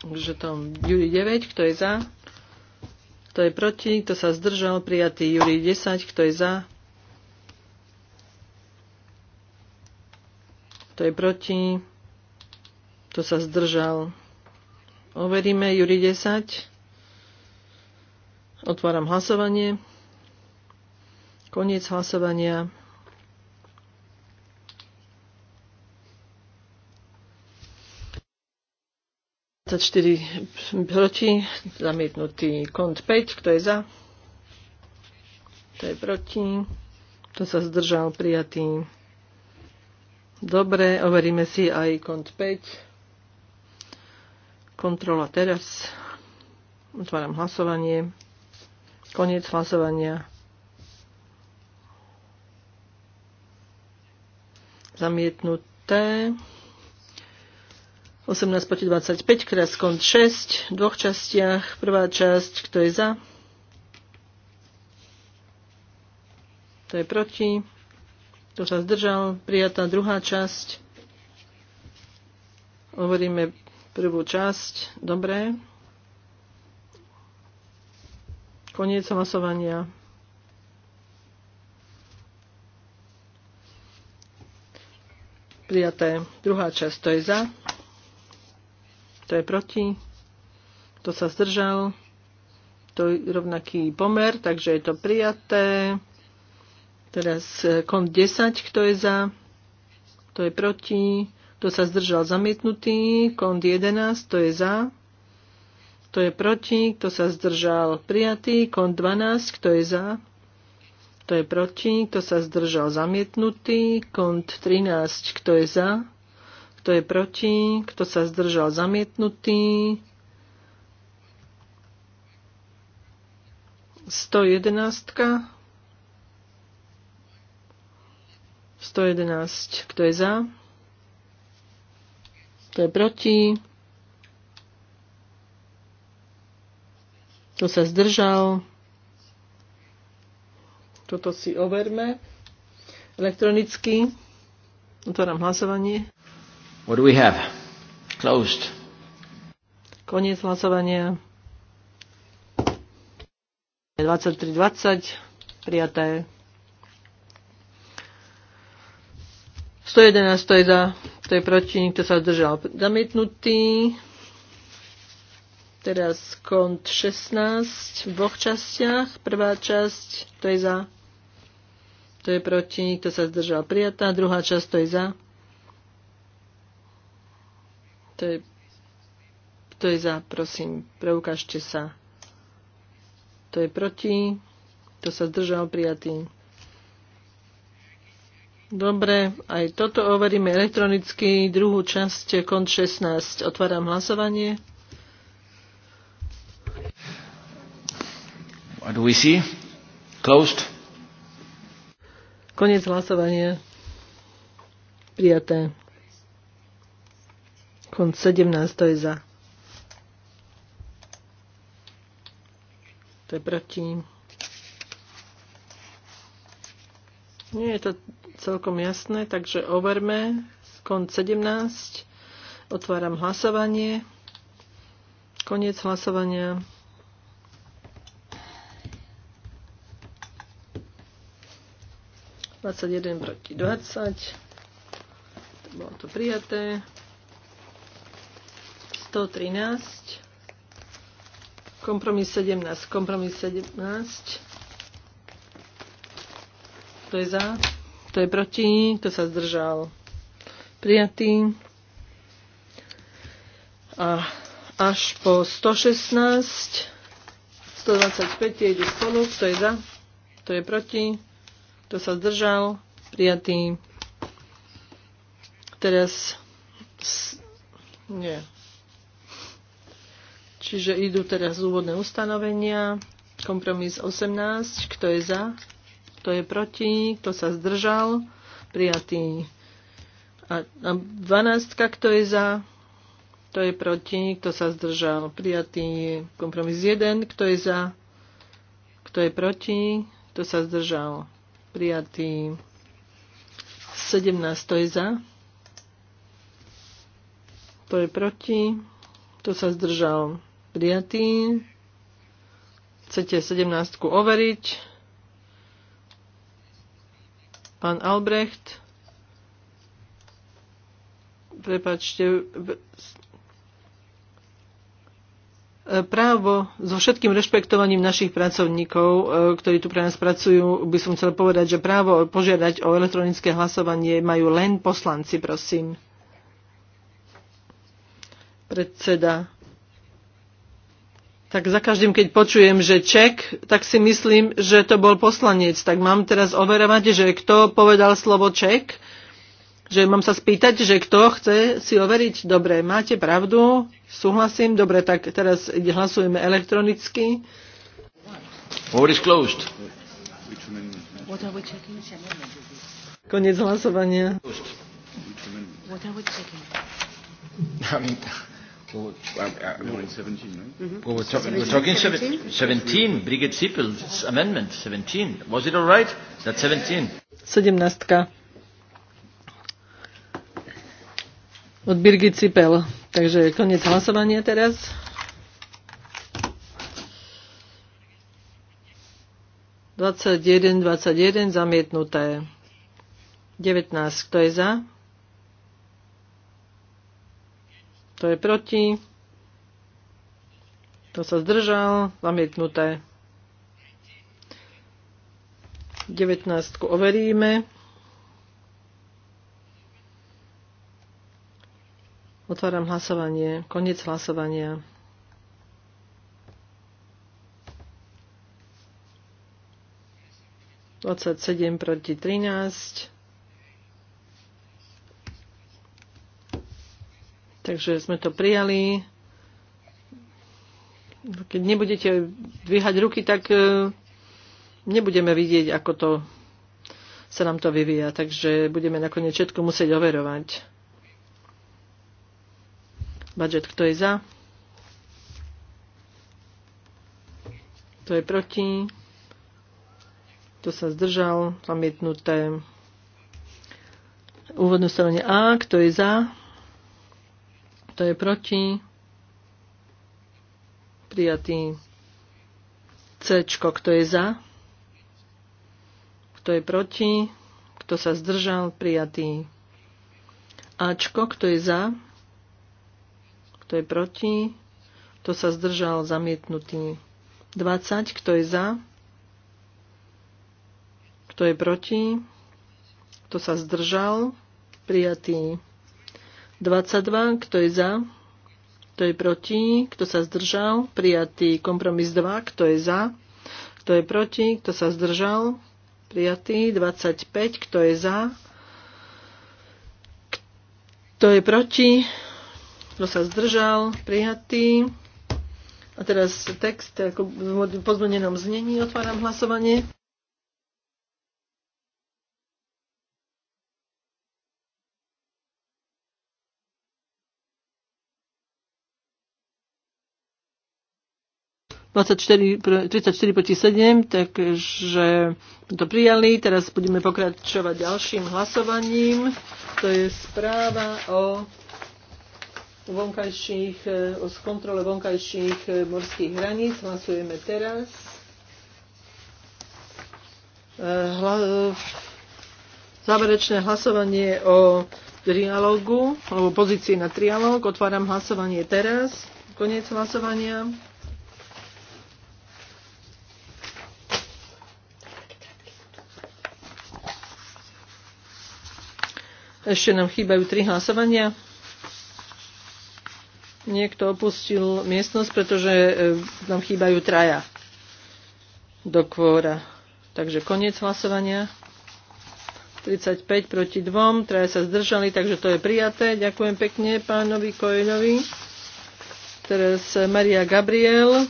Takže tam Juri 9, kto je za? Kto je proti? Kto sa zdržal? Prijatý Juri 10, kto je za? Kto je proti? Kto sa zdržal? Overíme Juri 10. Otváram hlasovanie. Koniec hlasovania. proti, zamietnutý kont 5, kto je za? Kto je proti? Kto sa zdržal, prijatý. Dobre, overíme si aj kont 5. Kontrola teraz. Otváram hlasovanie. Koniec hlasovania. Zamietnuté. 18 proti 25, krát kont 6, v dvoch častiach. Prvá časť, kto je za? Kto je proti? kto sa zdržal, prijatá druhá časť. Hovoríme prvú časť, dobre. Koniec hlasovania. Prijaté druhá časť, to je za, to je proti, to sa zdržal, to je rovnaký pomer, takže je to prijaté. Teraz e, kont 10, kto je za, kto je proti, kto sa zdržal zamietnutý, kont 11, kto je za, kto je proti, kto sa zdržal prijatý, kont 12, kto je za, kto je proti, kto sa zdržal zamietnutý, kont 13, kto je za, kto je proti, kto sa zdržal zamietnutý, 111, 111. Kto je za? Kto je proti? Kto sa zdržal? Toto si overme elektronicky. Otváram hlasovanie. What do we have? Closed. Koniec hlasovania. 23.20. Prijaté. 111, to je za, to je proti, nikto sa zdržal. Zamietnutý. Teraz kont 16 v dvoch častiach. Prvá časť, to je za, to je proti, nikto sa zdržal. Prijatá. Druhá časť, to je za. To je, to je za, prosím, preukážte sa. To je proti, to sa zdržal prijatý. Dobre, aj toto overíme elektronicky. Druhú časť, kont 16. Otváram hlasovanie. What do we see? Closed. Konec hlasovania. Prijaté. Kont 17, to je za. To je proti. Nie je to celkom jasné, takže overme. Kont 17. Otváram hlasovanie. Koniec hlasovania. Dvadsaťjeden proti 20. To bolo to prijaté. 113. Kompromis 17. Kompromis 17. Kto je za? Kto je proti? Kto sa zdržal? Prijatý. A až po 116, 125 je ide spolu. Kto je za? Kto je proti? Kto sa zdržal? Prijatý. Teraz... Nie. Čiže idú teraz úvodné ustanovenia. Kompromis 18. Kto je za? Kto je proti? Kto sa zdržal? Prijatý. A, a 12. Kto je za? Kto je proti? Kto sa zdržal? Prijatý. Kompromis 1. Kto je za? Kto je proti? Kto sa zdržal? Prijatý. 17. Kto je za? Kto je proti? Kto sa zdržal? Prijatý. Chcete 17 overiť? Pán Albrecht, prepačte, e, právo so všetkým rešpektovaním našich pracovníkov, e, ktorí tu pre nás pracujú, by som chcel povedať, že právo požiadať o elektronické hlasovanie majú len poslanci, prosím. Predseda tak za každým, keď počujem, že Ček, tak si myslím, že to bol poslanec. Tak mám teraz overovať, že kto povedal slovo Ček? Že mám sa spýtať, že kto chce si overiť? Dobre, máte pravdu, súhlasím. Dobre, tak teraz hlasujeme elektronicky. Vote is closed. Konec hlasovania. What are we checking? [LAUGHS] Uh, uh, no. mm-hmm. Well, we're, talk- we're talking 17? 17, Brigitte Sippel's amendment, 17. Was it all right? That's 17. 17. Od Birgit Sipel. Takže koniec hlasovania teraz. Dvadsať jeden, dvadsať jeden, zamietnuté. Devätnásť, kto je za? To je proti. To sa zdržal. Zamietnuté. 19 overíme. Otváram hlasovanie. Koniec hlasovania. Dvadsať sedem proti trinásť. Takže sme to prijali. Keď nebudete dvíhať ruky, tak e, nebudeme vidieť, ako to sa nám to vyvíja. Takže budeme nakoniec všetko musieť overovať. Budget, kto je za? Kto je proti? Kto sa zdržal? Zamietnuté. Úvodné strane A, kto je za? Kto je proti? Prijatý. C. Kto je za? Kto je proti? Kto sa zdržal? Prijatý. Ačko. Kto je za? Kto je proti? Kto sa zdržal? Zamietnutý. 20. Kto je za? Kto je proti? Kto sa zdržal? Prijatý. 22, kto je za, kto je proti, kto sa zdržal, prijatý kompromis 2, kto je za, kto je proti, kto sa zdržal, prijatý 25, kto je za, kto je proti, kto sa zdržal, prijatý. A teraz text ako v pozmenenom znení otváram hlasovanie. 24, 34 proti 7, takže to prijali. Teraz budeme pokračovať ďalším hlasovaním. To je správa o vonkajších, e, o kontrole vonkajších e, morských hraníc. Hlasujeme teraz. E, hla, záverečné hlasovanie o trialógu, alebo pozícii na trialóg. Otváram hlasovanie teraz. Koniec hlasovania. Ešte nám chýbajú tri hlasovania. Niekto opustil miestnosť, pretože e, nám chýbajú traja do kvóra. Takže koniec hlasovania. 35 proti 2, traja sa zdržali, takže to je prijaté. Ďakujem pekne pánovi Kojeľovi. Teraz Maria Gabriel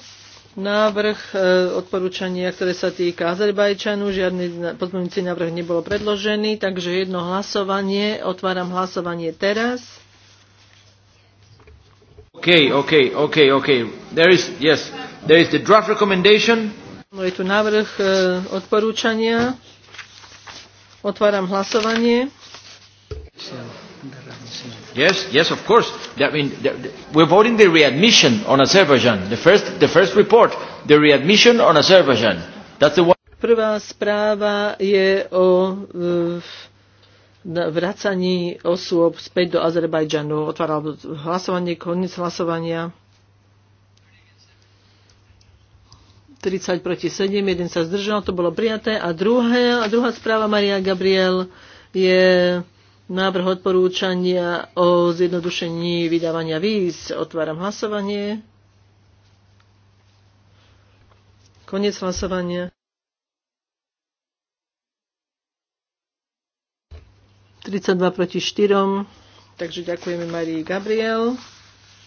návrh e, odporúčania, ktoré sa týka Azerbajčanu. Žiadny pozmeňujúci návrh nebolo predložený, takže jedno hlasovanie. Otváram hlasovanie teraz. OK, OK, OK, OK. There is, yes, there is the draft recommendation. No, je tu návrh e, odporúčania. Otváram hlasovanie. Yeah. Yes, yes, of course. I mean, we're voting the readmission on Azerbaijan, the first, the first report, the readmission on Azerbaijan. That's the one. Prvá správa je o e, vracaní osôb späť do Azerbajdžanu. Otváral hlasovanie, koniec hlasovania. 30 proti 7, jeden sa zdržal, to bolo prijaté. A, druhé, a druhá správa Maria Gabriel je Návrh odporúčania o zjednodušení vydávania víz. Otváram hlasovanie. Konec hlasovania. 32 proti 4. Takže ďakujeme Marii Gabriel.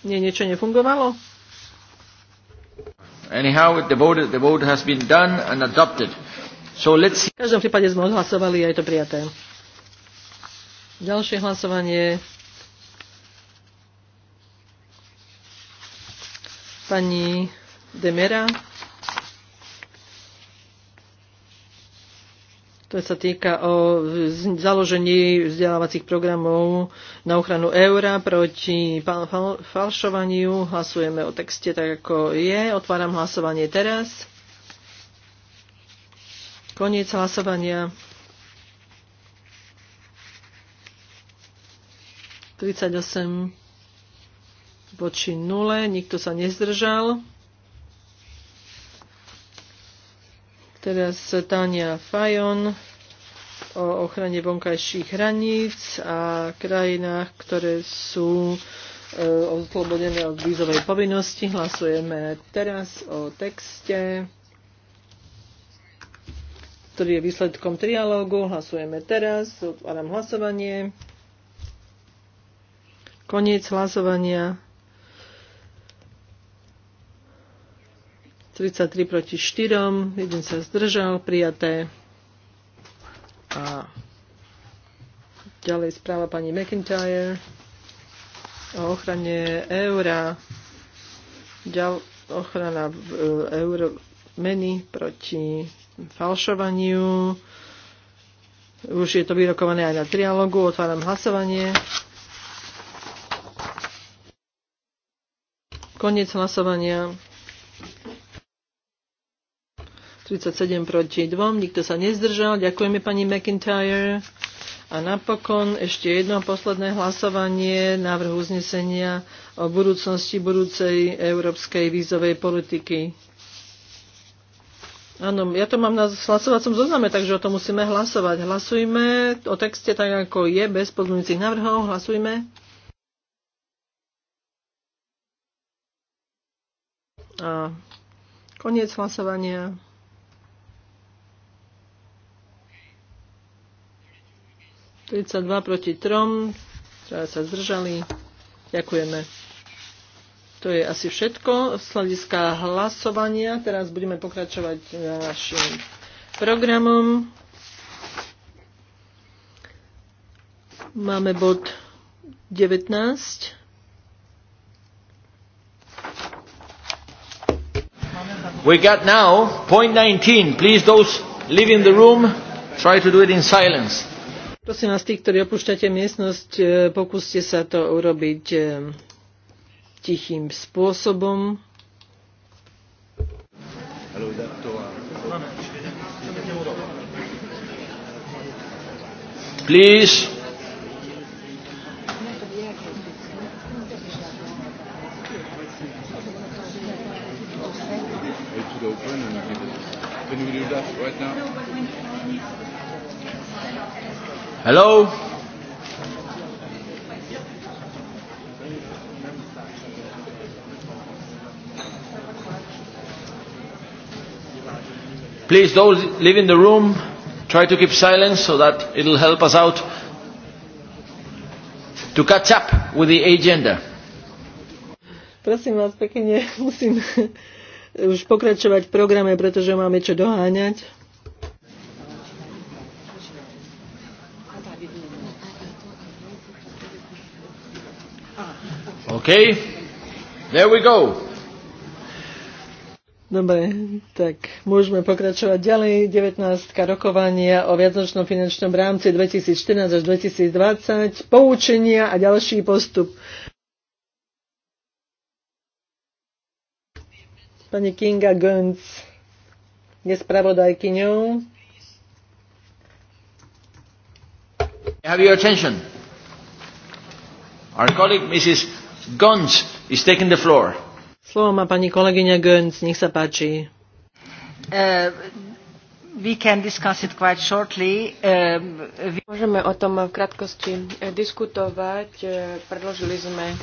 Nie, niečo nefungovalo? Anyhow, the vote, the vote has been done and adopted. So let's V každom prípade sme odhlasovali a je to prijaté. Ďalšie hlasovanie. Pani Demera. To sa týka o založení vzdelávacích programov na ochranu eura proti falšovaniu. Hlasujeme o texte tak, ako je. Otváram hlasovanie teraz. Koniec hlasovania. 38 voči 0, nikto sa nezdržal. Teraz Tania Fajon o ochrane vonkajších hraníc a krajinách, ktoré sú e, oslobodené od vízovej povinnosti. Hlasujeme teraz o texte, ktorý je výsledkom trialógu. Hlasujeme teraz, otváram hlasovanie. Koniec hlasovania. 33 proti 4, jeden sa zdržal, prijaté. A ďalej správa pani McIntyre o ochrane eura, ďal, ochrana e, euro meny proti falšovaniu. Už je to vyrokované aj na trialogu. Otváram hlasovanie. Koniec hlasovania. 37 proti 2, nikto sa nezdržal. Ďakujeme pani McIntyre. A napokon ešte jedno posledné hlasovanie návrhu uznesenia o budúcnosti budúcej európskej vízovej politiky. Áno, ja to mám na hlasovacom zozname, takže o tom musíme hlasovať. Hlasujme o texte tak, ako je, bez pozmeňujúcich návrhov. Hlasujme. A koniec hlasovania. 32 proti 3, ktoré sa zdržali. Ďakujeme. To je asi všetko z hľadiska hlasovania. Teraz budeme pokračovať našim programom. Máme bod 19. We got now point 19. Please those live in the room try to do it in silence. Prosím vás, tí, ktorí opúšťate miestnosť, e, pokúste sa to urobiť e, tichým spôsobom. Please Hello? Please, those leaving the room, try to keep silence so that it'll help us out to catch up with the agenda. Prosím vás pekne, [LAUGHS] musím už pokračovať v programe, pretože máme čo doháňať. OK, there we go. Dobre, tak môžeme pokračovať ďalej. 19. rokovania o viacnočnom finančnom rámci 2014 až 2020, poučenia a ďalší postup. Pani Kinga Gönc je spravodajkyňou. Have your attention. Our colleague Mrs. Gönz is taking the floor. Slovo má pani kolegyňa Gönz, nech sa páči. Uh, we can discuss it quite shortly. uh, we... Môžeme o tom v krátkosti eh, diskutovať. Eh, predložili sme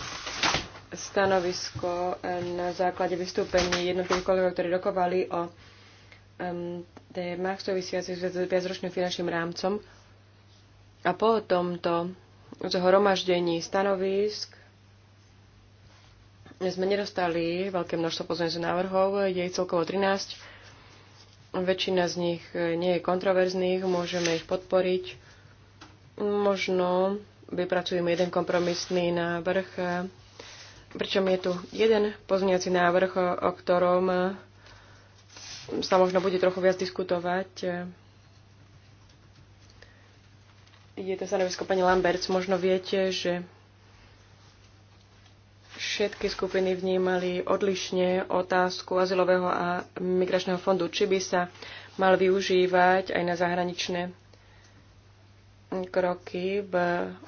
stanovisko eh, na základe vystúpení jednotlivých kolegov, ktorí rokovali o um, témach súvisiacich s viacročným finančným rámcom. A po tomto zhromaždení stanovisk sme nedostali veľké množstvo pozornosti návrhov, je ich celkovo 13. Väčšina z nich eh, nie je kontroverzných, môžeme ich podporiť. Možno vypracujeme jeden kompromisný návrh, eh, Pričom je tu jeden pozmeňovací návrh, o ktorom e, sa možno bude trochu viac diskutovať. Je to stanovisko pani Lamberts. Možno viete, že všetky skupiny vnímali odlišne otázku azylového a migračného fondu, či by sa mal využívať aj na zahraničné kroky. V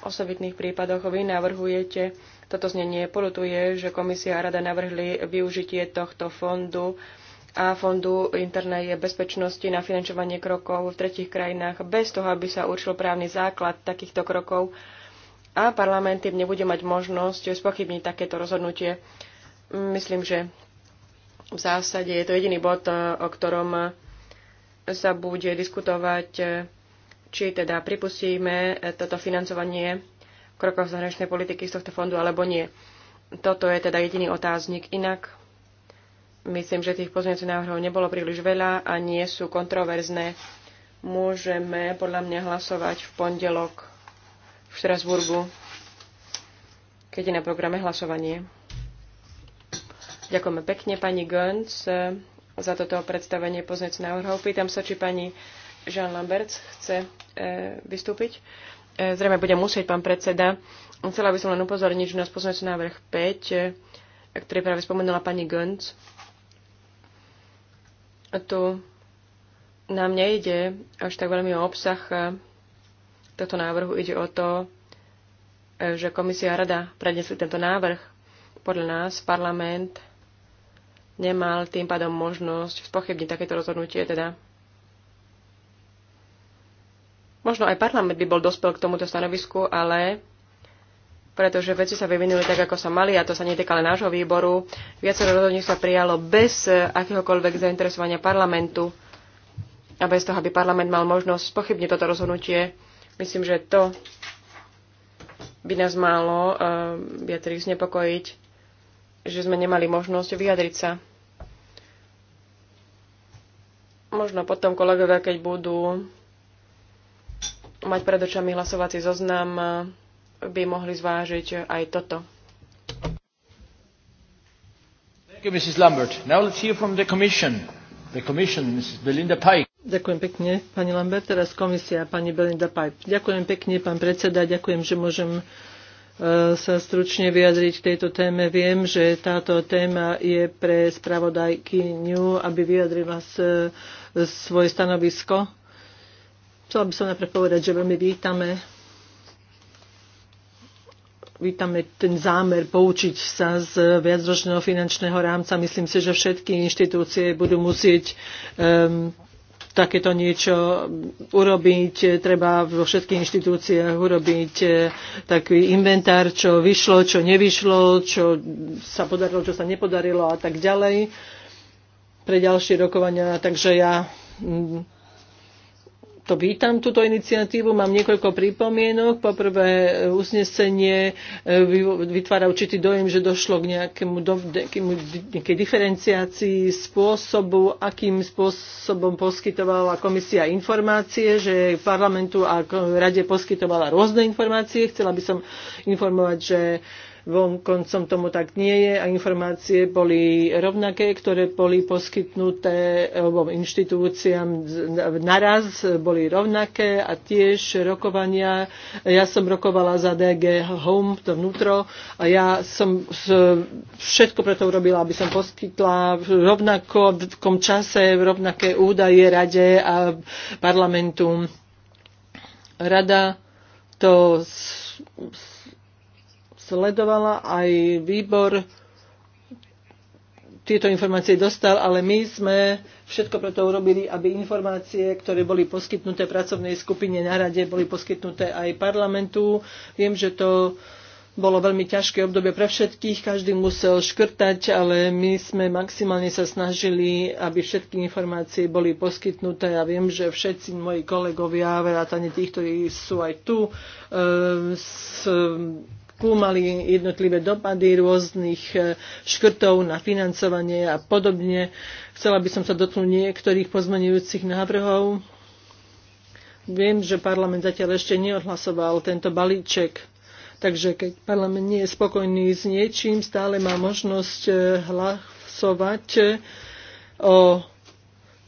osobitných prípadoch vy navrhujete toto znenie polutuje, že komisia a rada navrhli využitie tohto fondu a fondu internej bezpečnosti na finančovanie krokov v tretich krajinách bez toho, aby sa určil právny základ takýchto krokov a parlament im nebude mať možnosť spochybniť takéto rozhodnutie. Myslím, že v zásade je to jediný bod, o ktorom sa bude diskutovať, či teda pripustíme toto financovanie krokov zahraničnej politiky z tohto fondu alebo nie. Toto je teda jediný otáznik. Inak myslím, že tých pozmeňujúcich návrhov nebolo príliš veľa a nie sú kontroverzné. Môžeme podľa mňa hlasovať v pondelok v Štrasburgu, keď je na programe hlasovanie. Ďakujeme pekne pani Gönc za toto predstavenie poznec návrhov. Pýtam sa, či pani Jean Lamberts chce e, vystúpiť. Zrejme budem musieť, pán predseda. Chcela by som len upozorniť, že nás poznáte návrh 5, ktorý práve spomenula pani Gönc. A tu nám nejde až tak veľmi o obsah tohto návrhu. Ide o to, že komisia a rada prednesli tento návrh. Podľa nás parlament nemal tým pádom možnosť spochybniť takéto rozhodnutie, teda Možno aj parlament by bol dospel k tomuto stanovisku, ale pretože veci sa vyvinuli tak, ako sa mali, a to sa netýka len nášho výboru. Viacero rozhodnutí sa prijalo bez akéhokoľvek zainteresovania parlamentu a bez toho, aby parlament mal možnosť spochybniť toto rozhodnutie. Myslím, že to by nás malo uh, eh, viacerých znepokojiť, že sme nemali možnosť vyjadriť sa. Možno potom kolegovia, keď budú mať pred očami hlasovací zoznam, by mohli zvážiť aj toto. Ďakujem pekne, pani Lambert. Teraz komisia, pani Belinda Pipe. Ďakujem pekne, pán predseda. Ďakujem, že môžem e, sa stručne vyjadriť k tejto téme. Viem, že táto téma je pre spravodajky New, aby vyjadrila e, svoje stanovisko Chcela by som najprv povedať, že veľmi vítame vítame ten zámer poučiť sa z viacročného finančného rámca. Myslím si, že všetky inštitúcie budú musieť um, takéto niečo urobiť. Treba vo všetkých inštitúciách urobiť e, taký inventár, čo vyšlo, čo nevyšlo, čo sa podarilo, čo sa nepodarilo a tak ďalej pre ďalšie rokovania. Takže ja to vítam túto iniciatívu, mám niekoľko pripomienok. Poprvé, e, uznesenie e, vytvára určitý dojem, že došlo k nejakému, nejakému nejakej diferenciácii spôsobu, akým spôsobom poskytovala komisia informácie, že parlamentu a rade poskytovala rôzne informácie. Chcela by som informovať, že koncom tomu tak nie je a informácie boli rovnaké, ktoré boli poskytnuté obom inštitúciám naraz, boli rovnaké a tiež rokovania. Ja som rokovala za DG Home, to vnútro, a ja som všetko preto urobila, aby som poskytla v rovnakom čase v rovnaké údaje rade a parlamentu. Rada to sledovala aj výbor tieto informácie dostal, ale my sme všetko preto urobili, aby informácie, ktoré boli poskytnuté pracovnej skupine na rade, boli poskytnuté aj parlamentu. Viem, že to bolo veľmi ťažké obdobie pre všetkých, každý musel škrtať, ale my sme maximálne sa snažili, aby všetky informácie boli poskytnuté. Ja viem, že všetci moji kolegovia, vrátane tých, ktorí sú aj tu, eh, s, skúmali jednotlivé dopady rôznych e, škrtov na financovanie a podobne. Chcela by som sa dotknúť niektorých pozmenujúcich návrhov. Viem, že parlament zatiaľ ešte neodhlasoval tento balíček, takže keď parlament nie je spokojný s niečím, stále má možnosť e, hlasovať e, o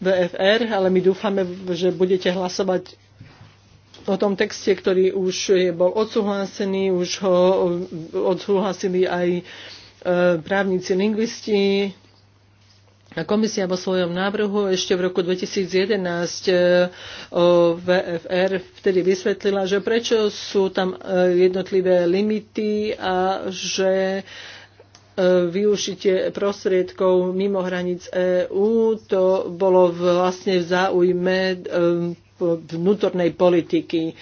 VFR, ale my dúfame, že budete hlasovať o tom texte, ktorý už bol odsúhlasený, už ho odsúhlasili aj e, právnici lingvisti. A komisia vo svojom návrhu ešte v roku 2011 e, o VFR vtedy vysvetlila, že prečo sú tam e, jednotlivé limity a že využitie prostriedkov mimo hranic EÚ. To bolo vlastne v záujme vnútornej politiky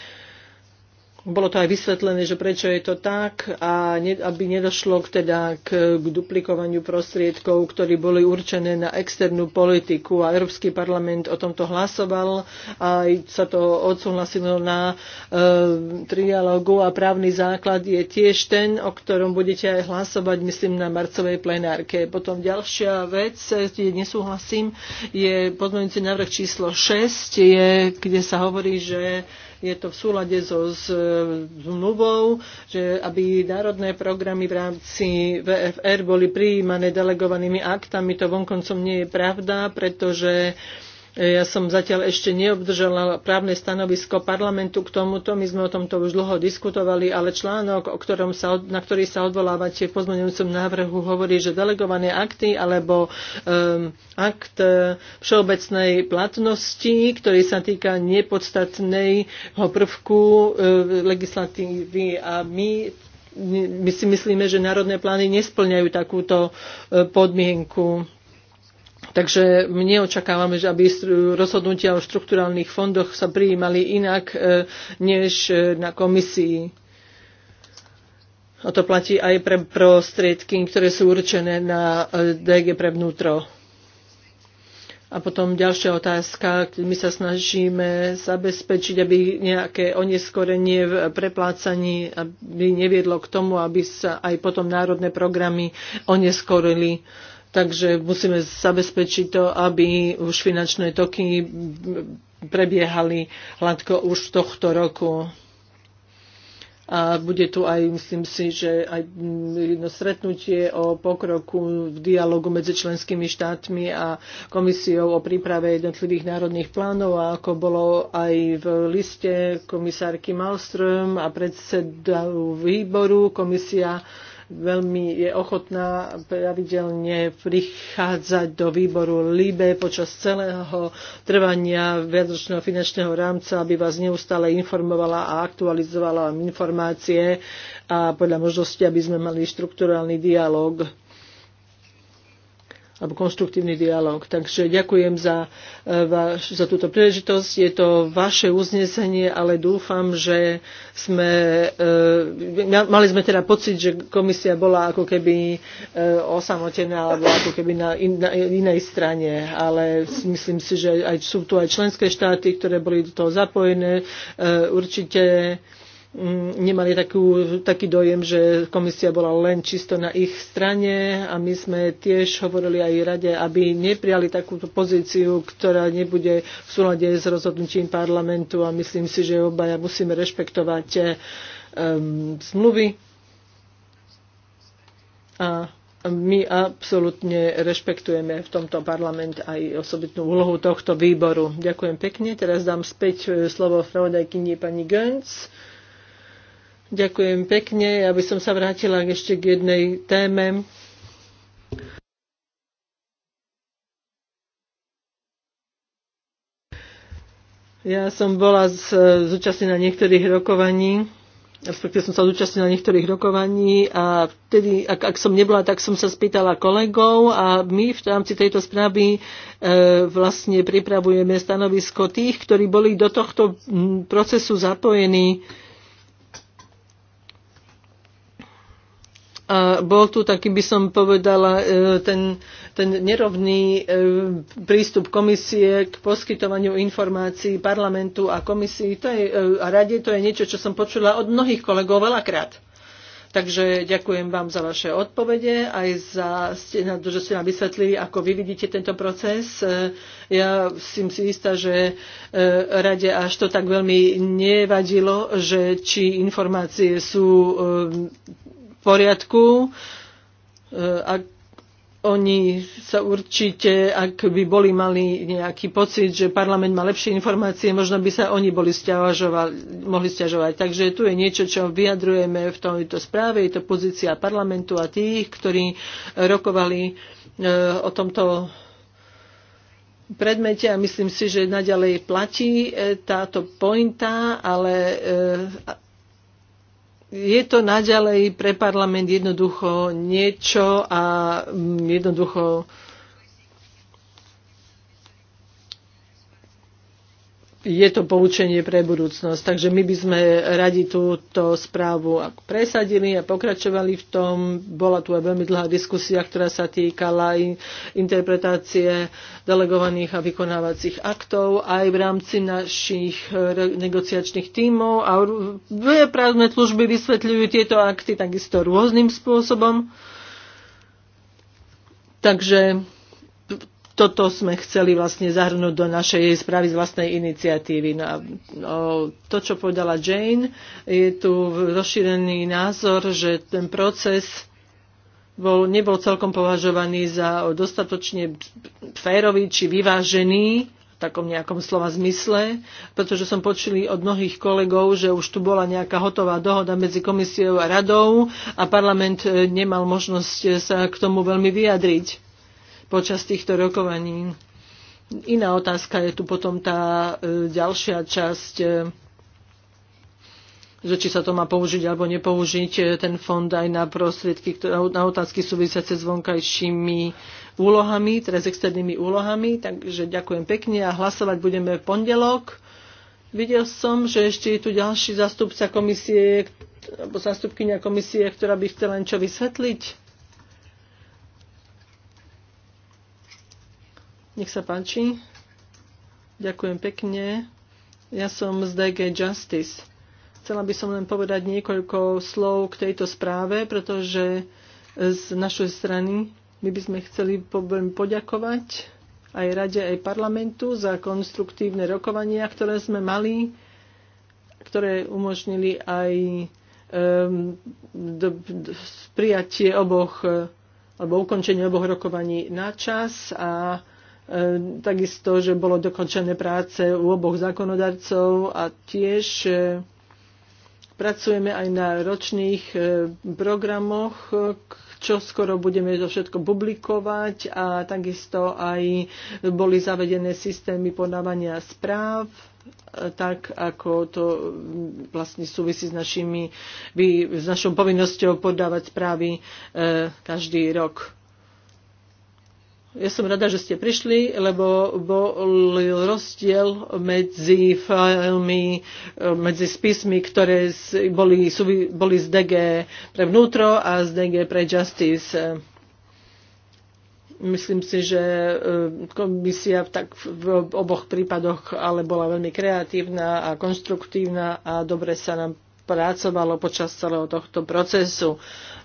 bolo to aj vysvetlené, že prečo je to tak a ne, aby nedošlo k, teda, k, k duplikovaniu prostriedkov, ktorí boli určené na externú politiku a Európsky parlament o tomto hlasoval a sa to odsúhlasilo na e, trialógu a právny základ je tiež ten, o ktorom budete aj hlasovať, myslím, na marcovej plenárke. Potom ďalšia vec, kde nesúhlasím, je pozmeňujúci návrh číslo 6, je, kde sa hovorí, že je to v súlade so e, zmluvou, že aby národné programy v rámci VFR boli prijímané delegovanými aktami. To vonkoncom nie je pravda, pretože ja som zatiaľ ešte neobdržala právne stanovisko parlamentu k tomuto. My sme o tomto už dlho diskutovali, ale článok, o ktorom sa, na ktorý sa odvolávate v pozmeňujúcom návrhu, hovorí, že delegované akty alebo um, akt e, všeobecnej platnosti, ktorý sa týka nepodstatného prvku uh, legislatívy a my my si myslíme, že národné plány nesplňajú takúto e, podmienku. Takže neočakávame, že aby rozhodnutia o štruktúrálnych fondoch sa prijímali inak e, než e, na komisii. A to platí aj pre prostriedky, ktoré sú určené na e, DG pre vnútro. A potom ďalšia otázka. My sa snažíme zabezpečiť, aby nejaké oneskorenie v preplácaní aby neviedlo k tomu, aby sa aj potom národné programy oneskorili takže musíme zabezpečiť to, aby už finančné toky prebiehali hladko už tohto roku. A bude tu aj, myslím si, že aj jedno stretnutie o pokroku v dialogu medzi členskými štátmi a komisiou o príprave jednotlivých národných plánov, a ako bolo aj v liste komisárky Malström a predseda výboru komisia veľmi je ochotná pravidelne prichádzať do výboru LIBE počas celého trvania viacročného finančného rámca, aby vás neustále informovala a aktualizovala informácie a podľa možnosti, aby sme mali štruktúrálny dialog alebo konštruktívny dialog. Takže ďakujem za, e, vaš, za túto príležitosť. Je to vaše uznesenie, ale dúfam, že sme, e, mali sme teda pocit, že komisia bola ako keby e, osamotená alebo ako keby na, in, na inej strane. Ale myslím si, že aj, sú tu aj členské štáty, ktoré boli do toho zapojené. E, určite Mm, nemali takú, taký dojem, že komisia bola len čisto na ich strane a my sme tiež hovorili aj rade, aby neprijali takúto pozíciu, ktorá nebude v súlade s rozhodnutím parlamentu a myslím si, že obaja musíme rešpektovať um, zmluvy a my absolútne rešpektujeme v tomto parlament aj osobitnú úlohu tohto výboru. Ďakujem pekne. Teraz dám späť eh, slovo spravodajkyni pani Gönc. Ďakujem pekne, aby som sa vrátila ešte k jednej téme. Ja som bola zúčastnená niektorých rokovaní, respektíve som sa zúčastnila niektorých rokovaní a vtedy, ak, ak som nebola, tak som sa spýtala kolegov a my v rámci tejto správy e, vlastne pripravujeme stanovisko tých, ktorí boli do tohto procesu zapojení. E, A bol tu taký, by som povedala, e, ten, ten nerovný e, prístup komisie k poskytovaniu informácií parlamentu a komisii to je, e, a rade. To je niečo, čo som počula od mnohých kolegov veľakrát. Takže ďakujem vám za vaše odpovede, aj za to, že ste nám vysvetlili, ako vy vidíte tento proces. Ja som si istá, že rade až to tak veľmi nevadilo, že či informácie sú poriadku. E, ak oni sa určite, ak by boli mali nejaký pocit, že parlament má lepšie informácie, možno by sa oni boli mohli stiažovať. Takže tu je niečo, čo vyjadrujeme v tomto správe. Je to pozícia parlamentu a tých, ktorí rokovali e, o tomto predmete a myslím si, že naďalej platí e, táto pointa, ale je to naďalej pre parlament jednoducho niečo a mm, jednoducho je to poučenie pre budúcnosť. Takže my by sme radi túto správu presadili a pokračovali v tom. Bola tu aj veľmi dlhá diskusia, ktorá sa týkala aj interpretácie delegovaných a vykonávacích aktov aj v rámci našich negociačných tímov. A právne služby vysvetľujú tieto akty takisto rôznym spôsobom. Takže toto sme chceli vlastne zahrnúť do našej správy z vlastnej iniciatívy. No a, no, to, čo povedala Jane, je tu rozšírený názor, že ten proces bol, nebol celkom považovaný za dostatočne férový či vyvážený v takom nejakom slova zmysle, pretože som počuli od mnohých kolegov, že už tu bola nejaká hotová dohoda medzi komisiou a radou a parlament e, nemal možnosť sa k tomu veľmi vyjadriť počas týchto rokovaní. Iná otázka je tu potom tá e, ďalšia časť, e, že či sa to má použiť alebo nepoužiť e, ten fond aj na prostriedky, na otázky súvisiace s vonkajšími úlohami, teraz externými úlohami. Takže ďakujem pekne a hlasovať budeme v pondelok. Videl som, že ešte je tu ďalší zastupca komisie, alebo zastupkynia komisie, ktorá by chcela niečo vysvetliť. Nech sa páči. Ďakujem pekne. Ja som z DG Justice. Chcela by som len povedať niekoľko slov k tejto správe, pretože z našej strany my by sme chceli poďakovať aj Rade, aj parlamentu za konstruktívne rokovania, ktoré sme mali, ktoré umožnili aj ehm, prijatie oboch alebo ukončenie oboch rokovaní na čas a Ehm, takisto, že bolo dokončené práce u oboch zákonodarcov a tiež e, pracujeme aj na ročných e, programoch, čo skoro budeme to všetko publikovať a takisto aj boli zavedené systémy podávania správ e, tak, ako to mm, vlastne súvisí s, našimi, s našou povinnosťou podávať správy každý rok. Ja som rada, že ste prišli, lebo bol rozdiel medzi filmy, medzi spismi, ktoré boli, boli z DG pre vnútro a z DG pre justice myslím si, že e, komisia tak v oboch prípadoch ale bola veľmi kreatívna a konstruktívna, a dobre sa nám pracovalo počas celého tohto procesu.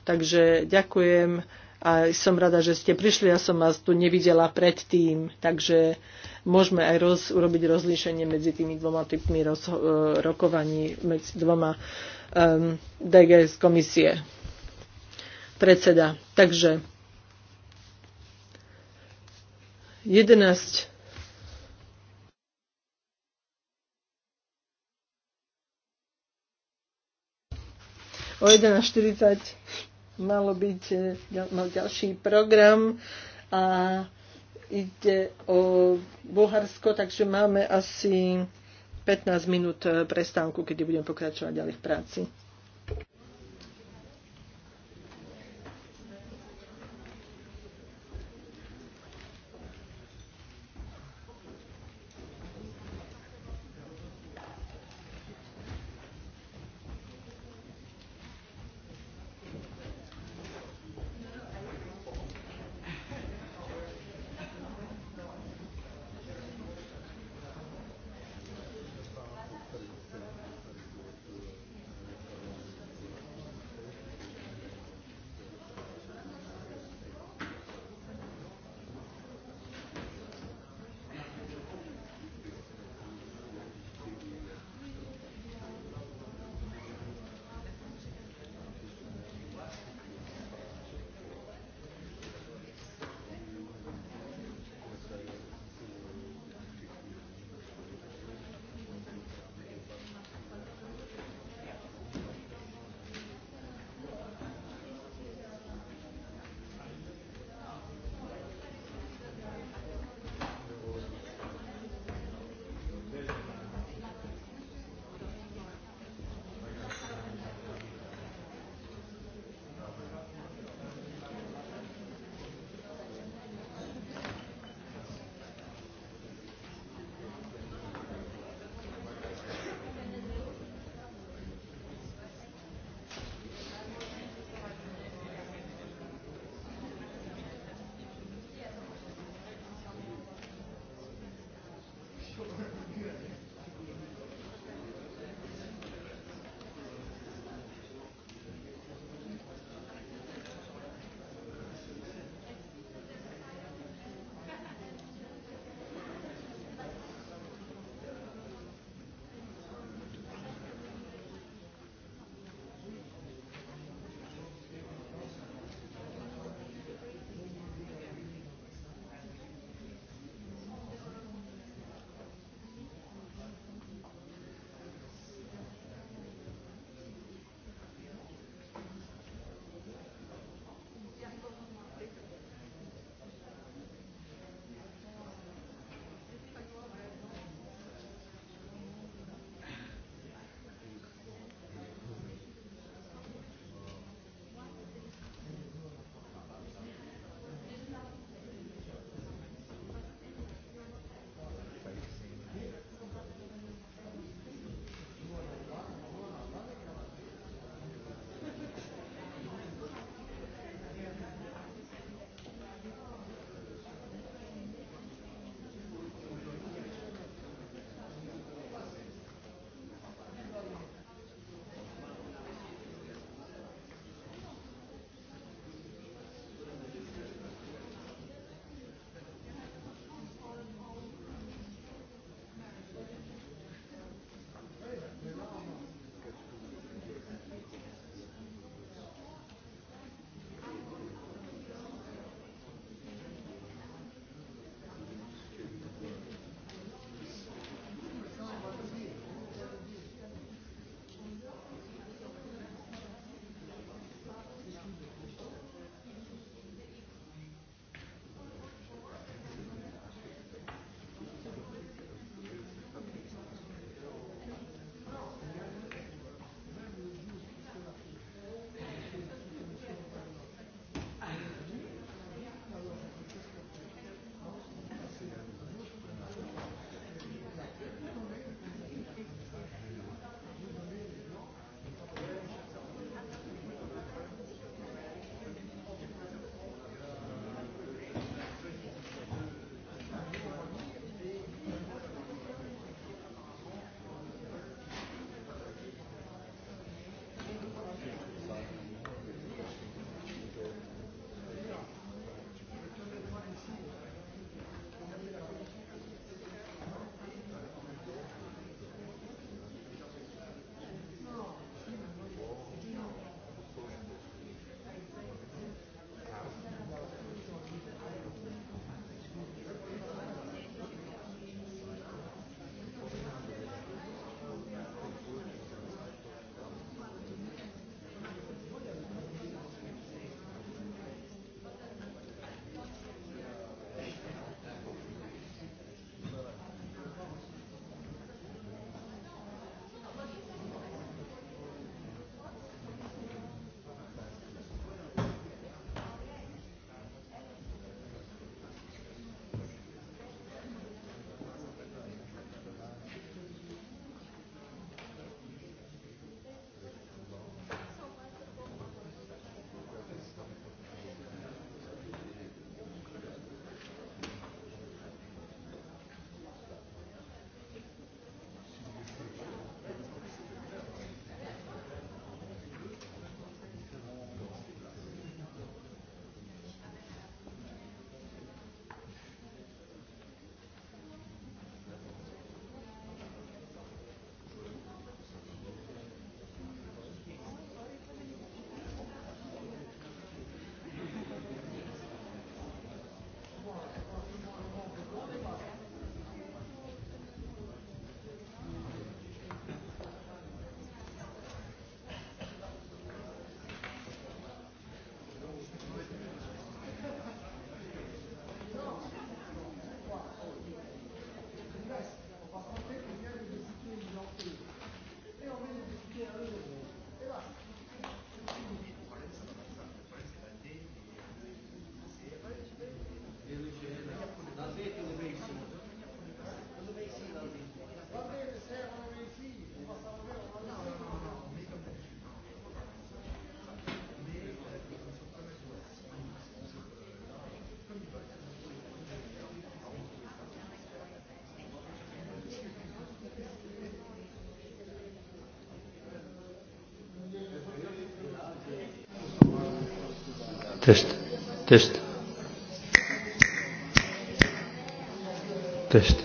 Takže ďakujem a som rada, že ste prišli, ja som vás tu nevidela predtým, takže môžeme aj roz, urobiť rozlíšenie medzi tými dvoma typmi roz, e, rokovaní, medzi dvoma um, DGS komisie. Predseda. Takže 11 o 11.40 malo byť e, mal ďalší program a ide o Bulharsko, takže máme asi 15 minút e, prestávku, kedy budem pokračovať ďalej v práci. Test. Test. Test.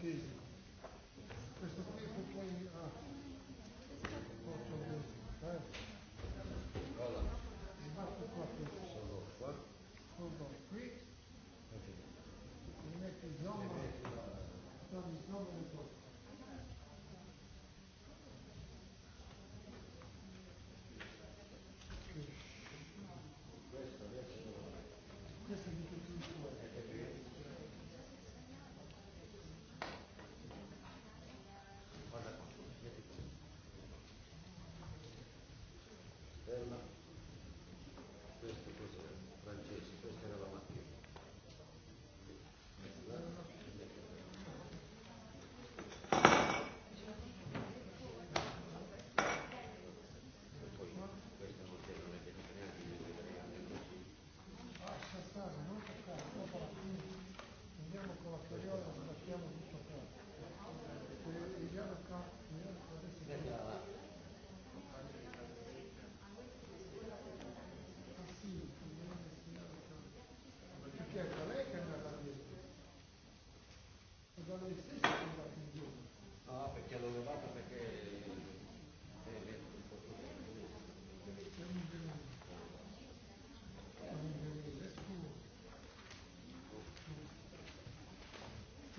Please.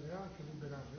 verrà che liberare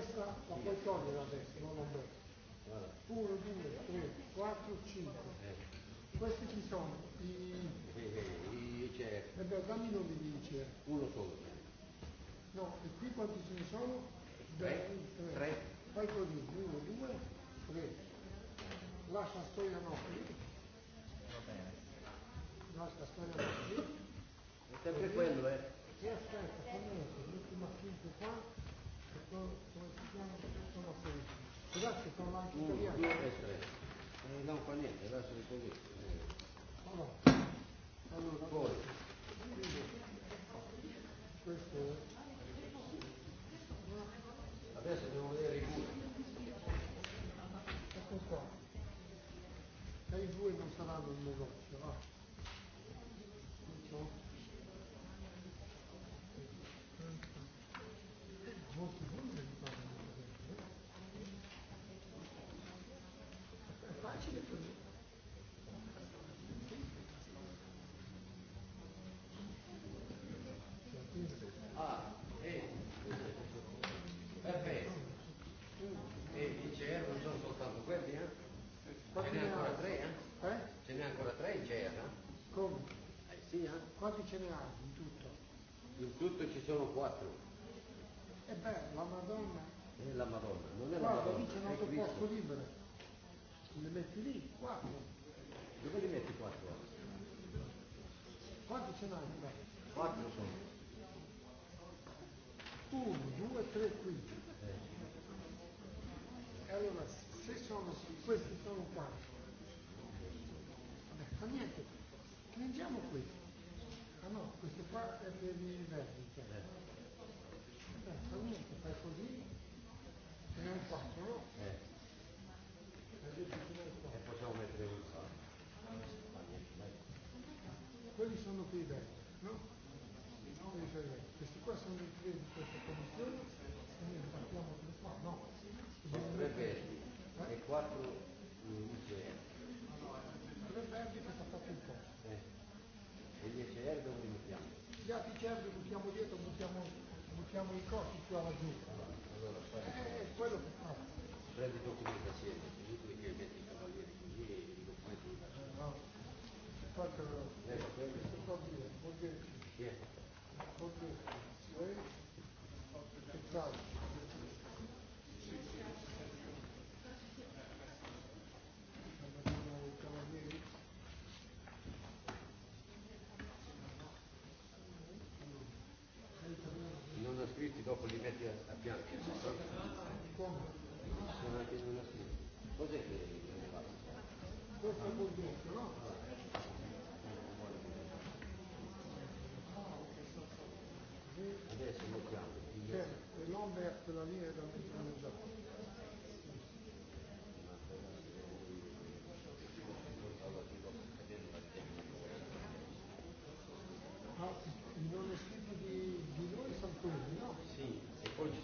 destra la puoi togliere la destra, non la destra. 1, 2, 3, 4, 5. Questi chi sono? I eh, eh, ICF. E eh, beh, dammi i nomi di ICF. Uno solo. No, e qui quanti ce ne sono? 3. 3. Fai così, 1, 2, 3. Lascia la storia nostra. 一旦观点，这段是归给那个。Boy. Adesso devo vedere i due. Ecco qua. E i due non saranno un negozio, No? 4. E eh beh, la Madonna. È eh, la Madonna, non è Guarda, la Madonna. Lì c'è un altro posto libero. Le metti lì, 4. Dove li metti 4? Quanti ce n'hai? 4 sono. 1, 2, 3, 15. E allora, se sono, questi sono 4. Vabbè, fa niente. Prendiamo questi. Ah no, questo qua è per i verdi. Certo. Eh. Quelli sono qui vecchi, no? Quelli sono vecchi. Questi qua sono i clienti di questa commissione e noi partiamo da qua, no? Sono tre verdi e eh? quattro mm, Tre verdi perché ha fatto E gli UCR dove li mettiamo? Gli altri li buttiamo dietro, buttiamo mettiamo i costi più alla giusta. Allora, eh, quello che fa. Prendi i documenti assieme, così tu che metti i cavalieri così e i documenti di lascio. No, no. lo... Eh, quello è... Vuol dire, vuol dire... Chi è? Vuol dire... dopo li metti a, a bianco. Non ha Cos'è che Questo è un no? Adesso lo chiamo. Certo, e l'Ombert la linea da mettere.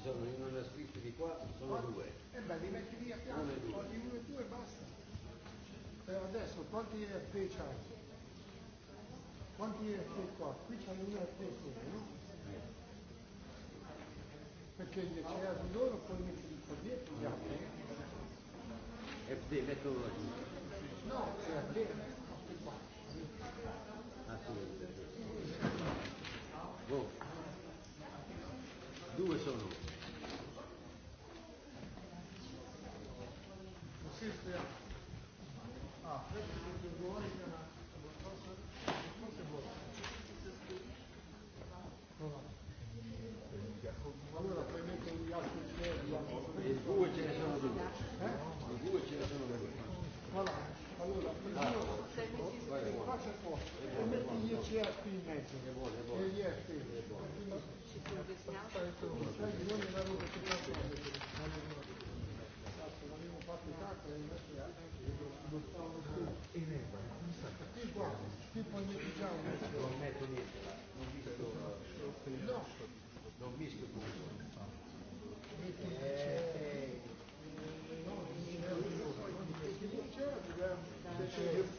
sono, non una scritto di qua, sono no. due. Eh beh, li metti lì a fianco, togli uno e due e basta. Però eh, adesso quanti te c'hai? Quanti te qua? Qui c'hai uno e te solo, no? Perché gli c'è di loro poi metti di qua dietro gli altri. Eh? E te, metto uno giù. No, c'è qua. te. Ah, sì, Due sono. Yeah. Gracias.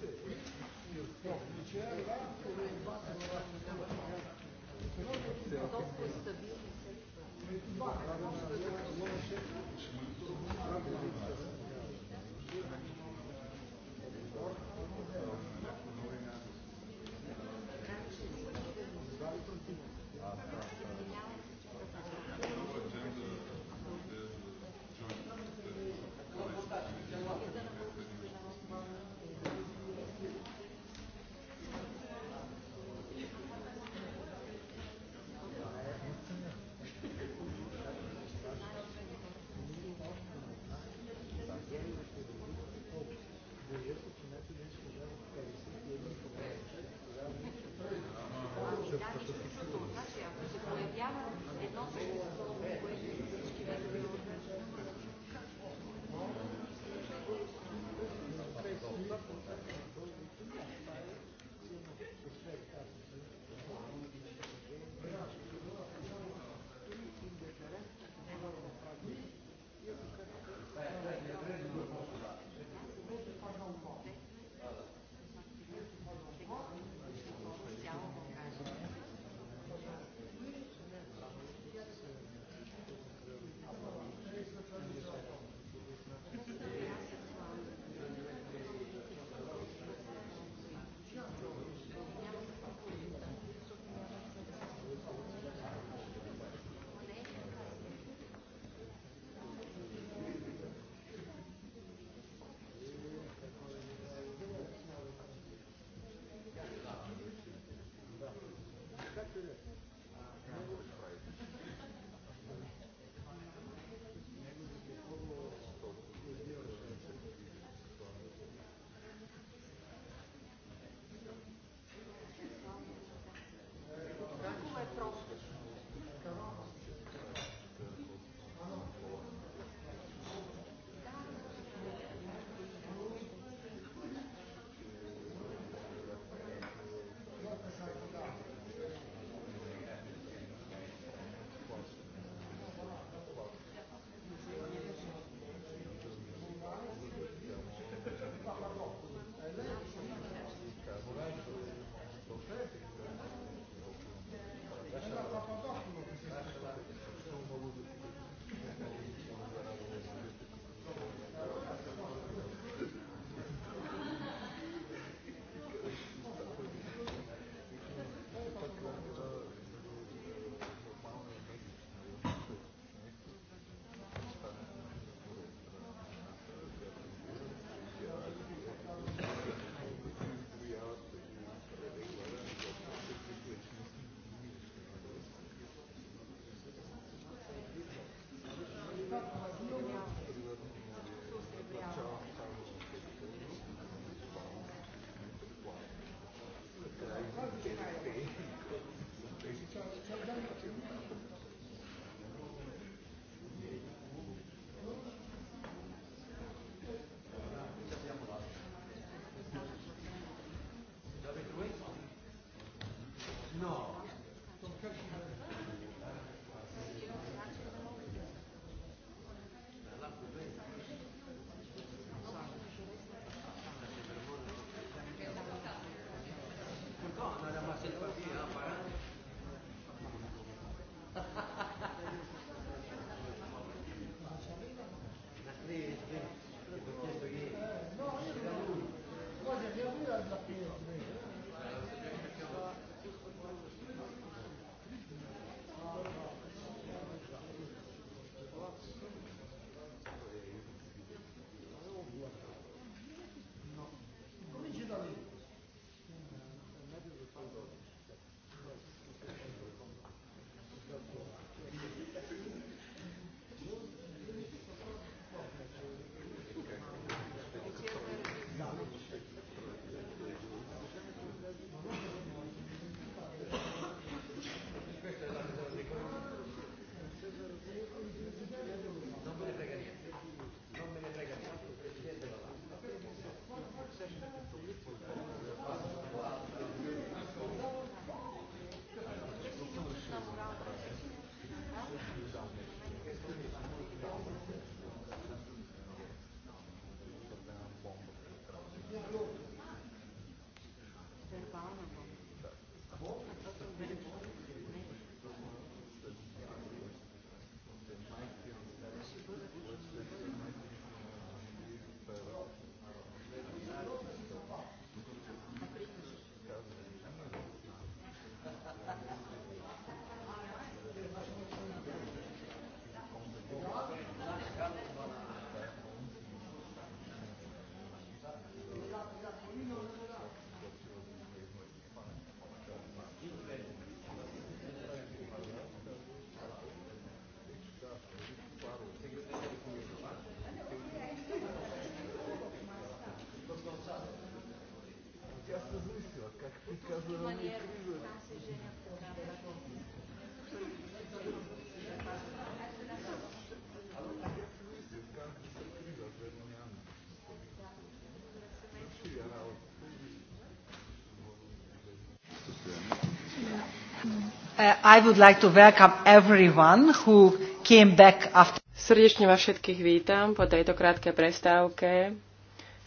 Uh, I would like to welcome everyone who came back after. Srdečne vás všetkých vítam po tejto krátkej prestávke.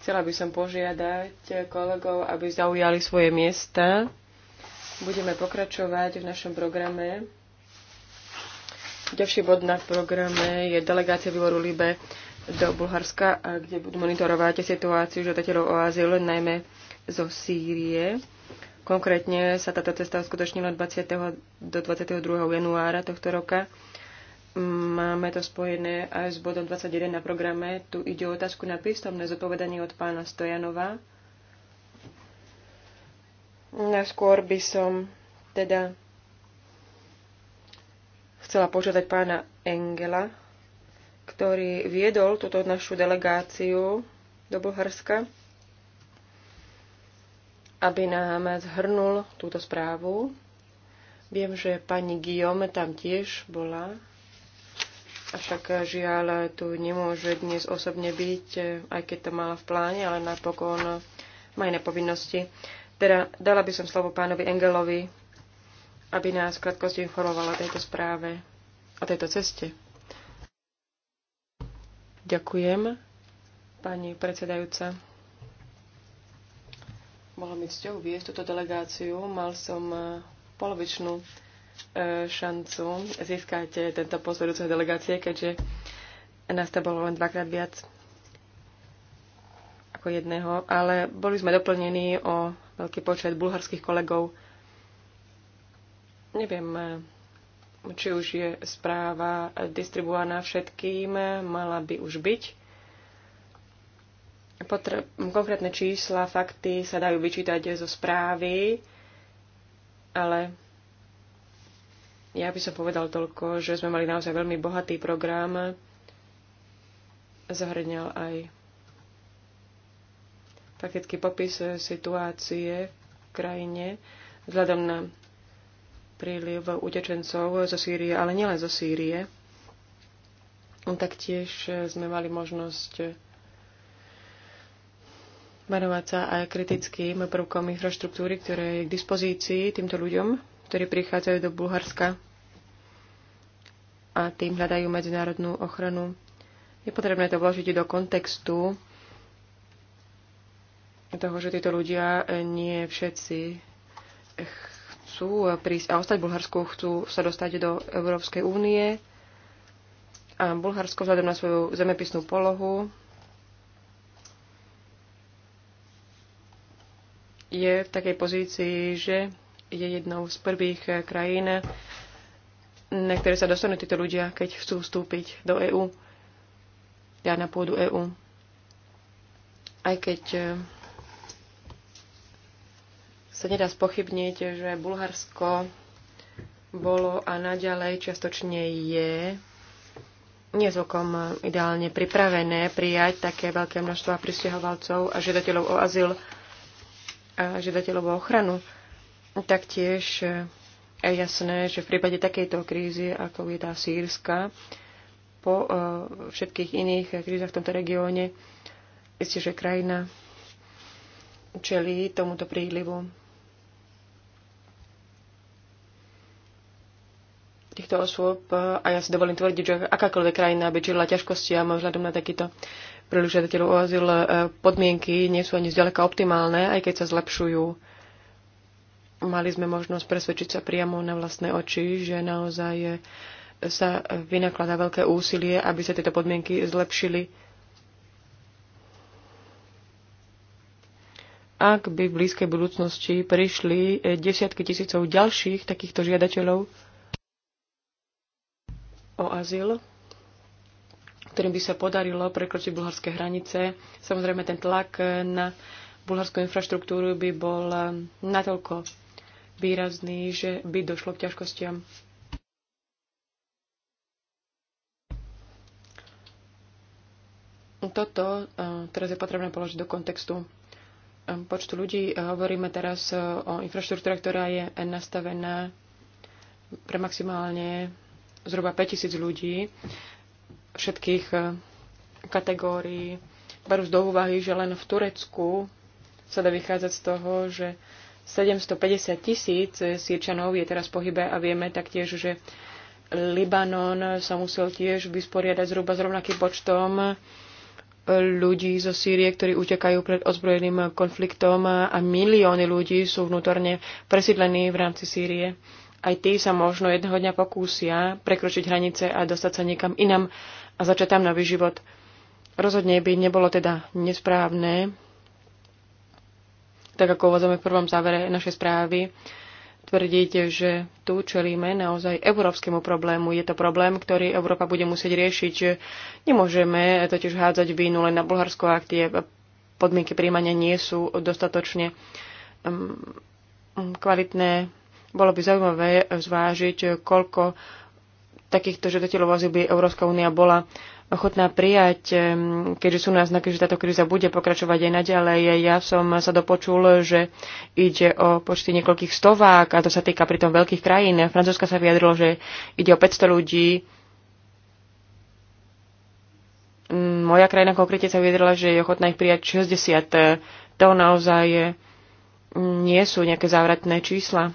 Chcela by som požiadať kolegov, aby zaujali svoje miesta. Budeme pokračovať v našom programe. Ďalší bod na programe je delegácia výboru LIBE do Bulharska, kde budú monitorovať situáciu žiadateľov o azyl, najmä zo Sýrie. Konkrétne sa táto cesta uskutočnila 20. do 22. januára tohto roka Máme to spojené aj s bodom 21 na programe. Tu ide o otázku na písomné zodpovedanie od pána Stojanova. Skôr by som teda chcela požiadať pána Engela, ktorý viedol túto našu delegáciu do Bulharska, aby nám zhrnul túto správu. Viem, že pani Guillaume tam tiež bola Avšak eh, žiaľ tu nemôže dnes osobne byť, eh, aj keď to mala v pláne, ale napokon eh, má iné povinnosti. Teda dala by som slovo pánovi Engelovi, aby nás v krátkosti informovala o tejto správe, o tejto ceste. Ďakujem, pani predsedajúca. Bolo mi cťou viesť túto delegáciu. Mal som polovičnú E, šancu získať tento post vedúceho delegácie, keďže nás tam bolo len dvakrát viac ako jedného, ale boli sme doplnení o veľký počet bulharských kolegov. Neviem, e, či už je správa distribuovaná všetkým, mala by už byť. Potre- konkrétne čísla, fakty sa dajú vyčítať zo správy, ale ja by som povedal toľko, že sme mali naozaj veľmi bohatý program. Zahrňal aj faktický popis situácie v krajine vzhľadom na príliv utečencov zo Sýrie, ale nielen zo Sýrie. Taktiež sme mali možnosť venovať sa aj kritickým prvkom infraštruktúry, ktoré je k dispozícii týmto ľuďom ktorí prichádzajú do Bulharska a tým hľadajú medzinárodnú ochranu. Je potrebné to vložiť do kontextu toho, že títo ľudia nie všetci chcú prísť a ostať v Bulharsku, chcú sa dostať do Európskej únie. A Bulharsko vzhľadom na svoju zemepisnú polohu je v takej pozícii, že je jednou z prvých eh, krajín, na ktoré sa dostanú títo ľudia, keď chcú vstúpiť do EÚ, ja teda na pôdu EÚ. Aj keď eh, sa nedá spochybniť, že Bulharsko bolo a naďalej čiastočne je nezvokom eh, ideálne pripravené prijať také veľké množstvo pristahovalcov a žiadateľov o azyl a žiadateľov o ochranu. Taktiež eh, je jasné, že v prípade takejto krízy, ako je tá sírska, po eh, všetkých iných krízach v tomto regióne, isté, že krajina čelí tomuto prílivu týchto osôb eh, a ja si dovolím tvrdiť, že akákoľvek krajina by čelila ťažkostiam vzhľadom na takýto príliš žiadateľov o azyl podmienky nie sú ani zďaleka optimálne, aj keď sa zlepšujú mali sme možnosť presvedčiť sa priamo na vlastné oči, že naozaj je, sa vynakladá veľké úsilie, aby sa tieto podmienky zlepšili. Ak by v blízkej budúcnosti prišli desiatky tisícov ďalších takýchto žiadateľov o azyl, ktorým by sa podarilo prekročiť bulharské hranice, samozrejme ten tlak na bulharskú infraštruktúru by bol natoľko výrazný, že by došlo k ťažkostiam. Toto eh, teraz je potrebné položiť do kontextu eh, počtu ľudí. Eh, hovoríme teraz o infraštruktúre, ktorá je nastavená pre maximálne zhruba 5000 ľudí všetkých kategórií. Berú z do úvahy, že len v Turecku sa dá vychádzať z toho, že 750 tisíc Sýrčanov je teraz v pohybe a vieme taktiež, že Libanon sa musel tiež vysporiadať zhruba s rovnakým počtom ľudí zo Sýrie, ktorí utekajú pred ozbrojeným konfliktom a milióny ľudí sú vnútorne presídlení v rámci Sýrie. Aj tí sa možno jedného dňa pokúsia prekročiť hranice a dostať sa niekam inam a začať tam nový život. Rozhodne by nebolo teda nesprávne tak ako uvádzame v prvom závere našej správy, tvrdíte, že tu čelíme naozaj európskemu problému. Je to problém, ktorý Európa bude musieť riešiť. Nemôžeme totiž hádzať vínu len na Bulharsko, ak tie podmienky príjmania nie sú dostatočne um, kvalitné. Bolo by zaujímavé zvážiť, koľko takýchto žiadateľov azyl by Európska únia bola ochotná prijať, keďže sú náznaky, že táto kríza bude pokračovať aj naďalej. Ja som sa dopočul, že ide o počty niekoľkých stovák a to sa týka pritom veľkých krajín. Francúzska sa vyjadrilo, že ide o 500 ľudí. Mm, moja krajina konkrétne sa vyjadrila, že je ochotná ich prijať 60. To naozaj mm, nie sú nejaké závratné čísla.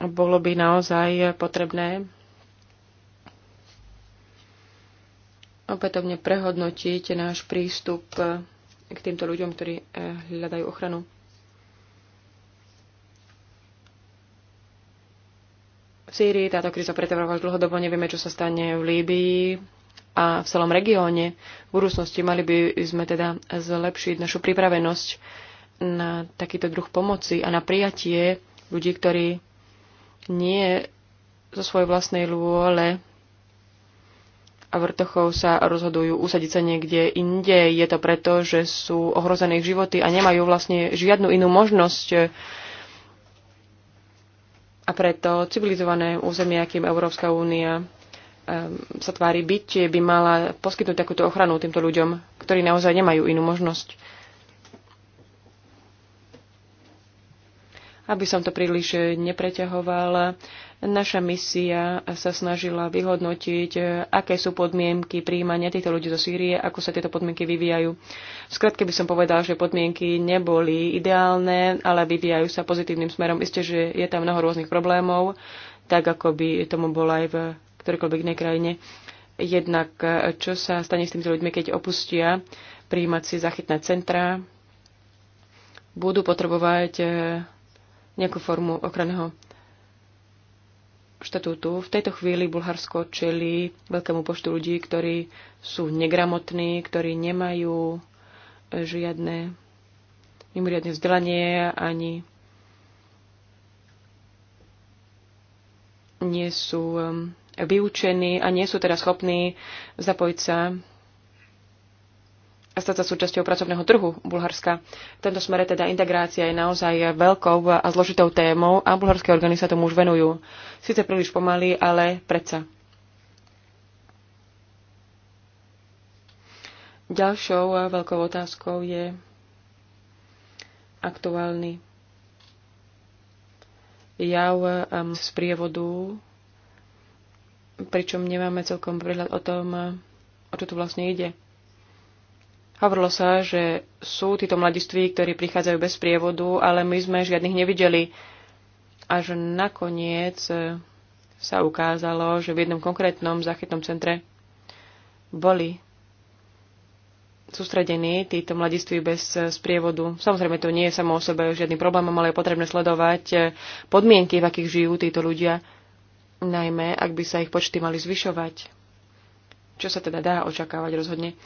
Bolo by naozaj potrebné opätovne prehodnotiť náš prístup e, k týmto ľuďom, ktorí e, hľadajú ochranu. V Sýrii táto kríza pretrváva dlhodobo, nevieme, čo sa stane v Líbii a v celom regióne. V budúcnosti mali by sme teda zlepšiť našu pripravenosť na takýto druh pomoci a na prijatie ľudí, ktorí nie zo svojej vlastnej lôle a vrtochov sa rozhodujú usadiť sa niekde inde. Je to preto, že sú ohrozené ich životy a nemajú vlastne žiadnu inú možnosť. A preto civilizované územie, akým Európska únia sa tvári byť, by mala poskytnúť takúto ochranu týmto ľuďom, ktorí naozaj nemajú inú možnosť. Aby som to príliš nepreťahovala, naša misia sa snažila vyhodnotiť, aké sú podmienky príjmania týchto ľudí zo Sýrie, ako sa tieto podmienky vyvíjajú. V skratke by som povedala, že podmienky neboli ideálne, ale vyvíjajú sa pozitívnym smerom. Isté, že je tam mnoho rôznych problémov, tak ako by tomu bolo aj v ktorejkoľvek inej krajine. Jednak, čo sa stane s týmito ľuďmi, keď opustia príjmať si zachytné centrá, budú potrebovať nejakú formu ochranného štatútu. V tejto chvíli Bulharsko čeli veľkému počtu ľudí, ktorí sú negramotní, ktorí nemajú eh, žiadne mimoriadne vzdelanie ani nie sú eh, vyučení a nie sú teda schopní zapojiť sa stať sa súčasťou pracovného trhu Bulharska. V tomto smere teda integrácia je naozaj veľkou a zložitou témou a bulharské orgány sa tomu už venujú. Sice príliš pomaly, ale predsa. Ďalšou veľkou otázkou je aktuálny jav um, z prievodu, pričom nemáme celkom prehľad o tom, o čo tu vlastne ide. Hovorilo sa, že sú títo mladiství, ktorí prichádzajú bez prievodu, ale my sme žiadnych nevideli. Až nakoniec e, sa ukázalo, že v jednom konkrétnom záchytnom centre boli sústredení títo mladiství bez e, sprievodu. Samozrejme, to nie je samo o sebe žiadny problém, ale je potrebné sledovať e, podmienky, v akých žijú títo ľudia, najmä ak by sa ich počty mali zvyšovať. Čo sa teda dá očakávať rozhodne.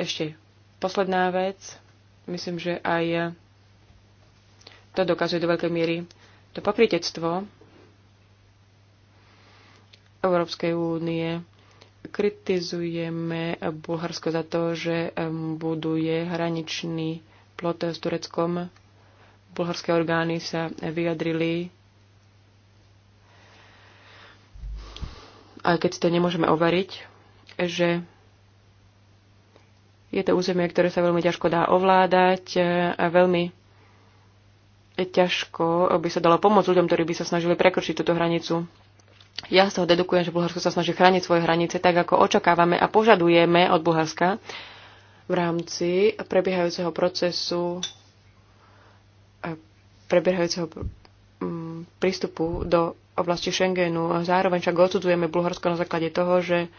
Ešte Posledná vec, myslím, že aj to dokazuje do veľkej miery to pokritectvo Európskej únie. Kritizujeme Bulharsko za to, že buduje hraničný plot s Tureckom. Bulharské orgány sa vyjadrili, aj keď to nemôžeme overiť, že je to územie, ktoré sa veľmi ťažko dá ovládať e, a veľmi ťažko by sa dalo pomôcť ľuďom, ktorí by sa snažili prekročiť túto hranicu. Ja z toho dedukujem, že Bulharsko sa snaží chrániť svoje hranice tak, ako očakávame a požadujeme od Bulharska v rámci prebiehajúceho procesu e, prebiehajúceho mm, prístupu do oblasti Schengenu. Zároveň však odsudzujeme Bulharsko na základe toho, že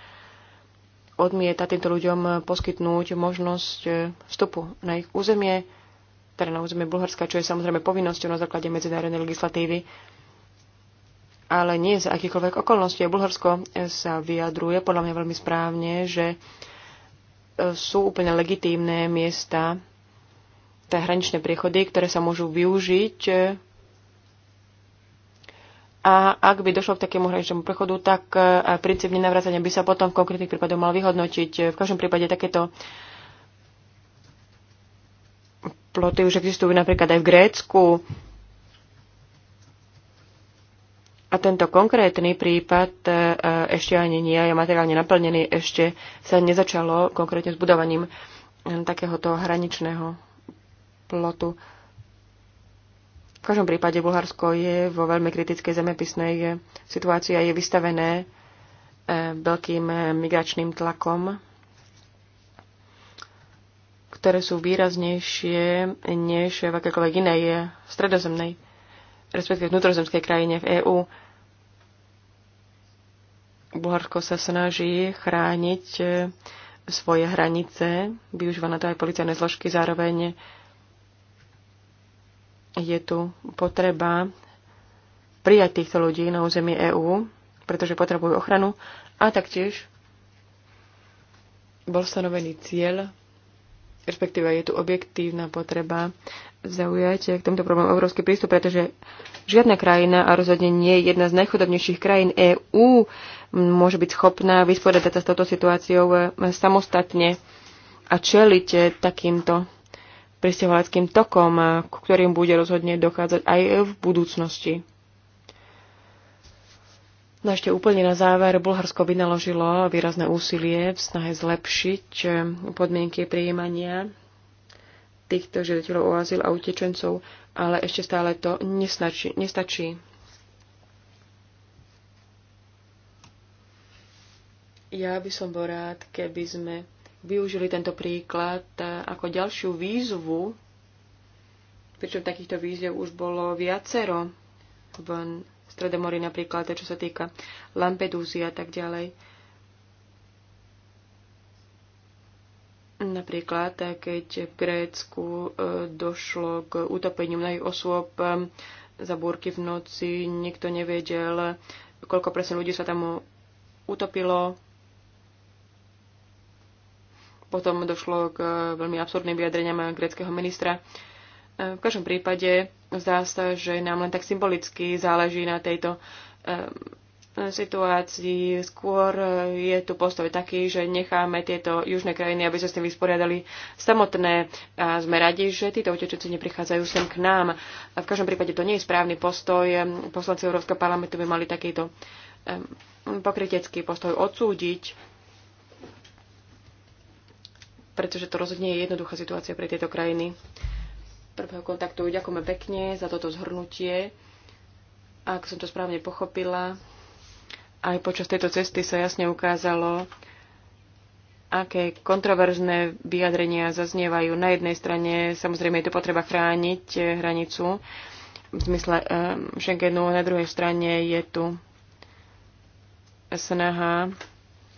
odmieta týmto ľuďom poskytnúť možnosť e, vstupu na ich územie, teda na územie Bulharska, čo je samozrejme povinnosťou na základe medzinárodnej legislatívy, ale nie za akýchkoľvek okolností. Bulharsko e, sa vyjadruje podľa mňa veľmi správne, že e, sú úplne legitímne miesta, tie hraničné priechody, ktoré sa môžu využiť a ak by došlo k takému hraničnému prechodu, tak e, princíp nenavracania by sa potom v konkrétnych prípadoch mal vyhodnotiť. E, v každom prípade takéto ploty už existujú napríklad aj v Grécku. A tento konkrétny prípad e, ešte ani nie je materiálne naplnený, ešte sa nezačalo konkrétne s budovaním takéhoto hraničného plotu. V každom prípade Bulharsko je vo veľmi kritickej zemepisnej situácii a je vystavené eh, veľkým eh, migračným tlakom, ktoré sú výraznejšie než v akékoľvek inej eh, stredozemnej, respektíve vnútrozemskej krajine v EÚ. Bulharsko sa snaží chrániť svoje hranice, využíva na to aj policajné zložky, zároveň je tu potreba prijať týchto ľudí na území EÚ, pretože potrebujú ochranu a taktiež bol stanovený cieľ, respektíve je tu objektívna potreba zaujať k tomto problému európsky prístup, pretože žiadna krajina a rozhodne nie je jedna z najchudobnejších krajín EÚ môže byť schopná vysporiadať sa s touto situáciou samostatne a čeliť takýmto pristahovaleckým tokom, k ktorým bude rozhodne dochádzať aj v budúcnosti. No ešte úplne na záver, Bulharsko vynaložilo výrazné úsilie v snahe zlepšiť e, podmienky prijímania týchto žiadateľov o azyl a utečencov, ale ešte stále to nestačí. nestačí. Ja by som bol rád, keby sme využili tento príklad e, ako ďalšiu výzvu, pričom takýchto výziev už bolo viacero v Stredomorí napríklad, čo sa týka Lampedúzy a tak ďalej. Napríklad, keď v Grécku e, došlo k utopeniu mnohých osôb e, za búrky v noci, nikto nevedel, koľko presne ľudí sa tam utopilo, potom došlo k veľmi absurdným vyjadreniam gréckého ministra. V každom prípade zdá sa, že nám len tak symbolicky záleží na tejto ehm, situácii. Skôr e, je tu postoj taký, že necháme tieto južné krajiny, aby sa s tým vysporiadali samotné a sme radi, že títo utečenci neprichádzajú sem k nám. A v každom prípade to nie je správny postoj. Ehm, poslanci Európskeho parlamentu by mali takýto ehm, pokrytecký postoj odsúdiť pretože to rozhodne je jednoduchá situácia pre tieto krajiny. Prvého kontaktu ďakujeme pekne za toto zhrnutie. Ak som to správne pochopila, aj počas tejto cesty sa jasne ukázalo, aké kontroverzné vyjadrenia zaznievajú. Na jednej strane samozrejme je to potreba chrániť eh, hranicu v zmysle ehm, Schengenu, na druhej strane je tu snaha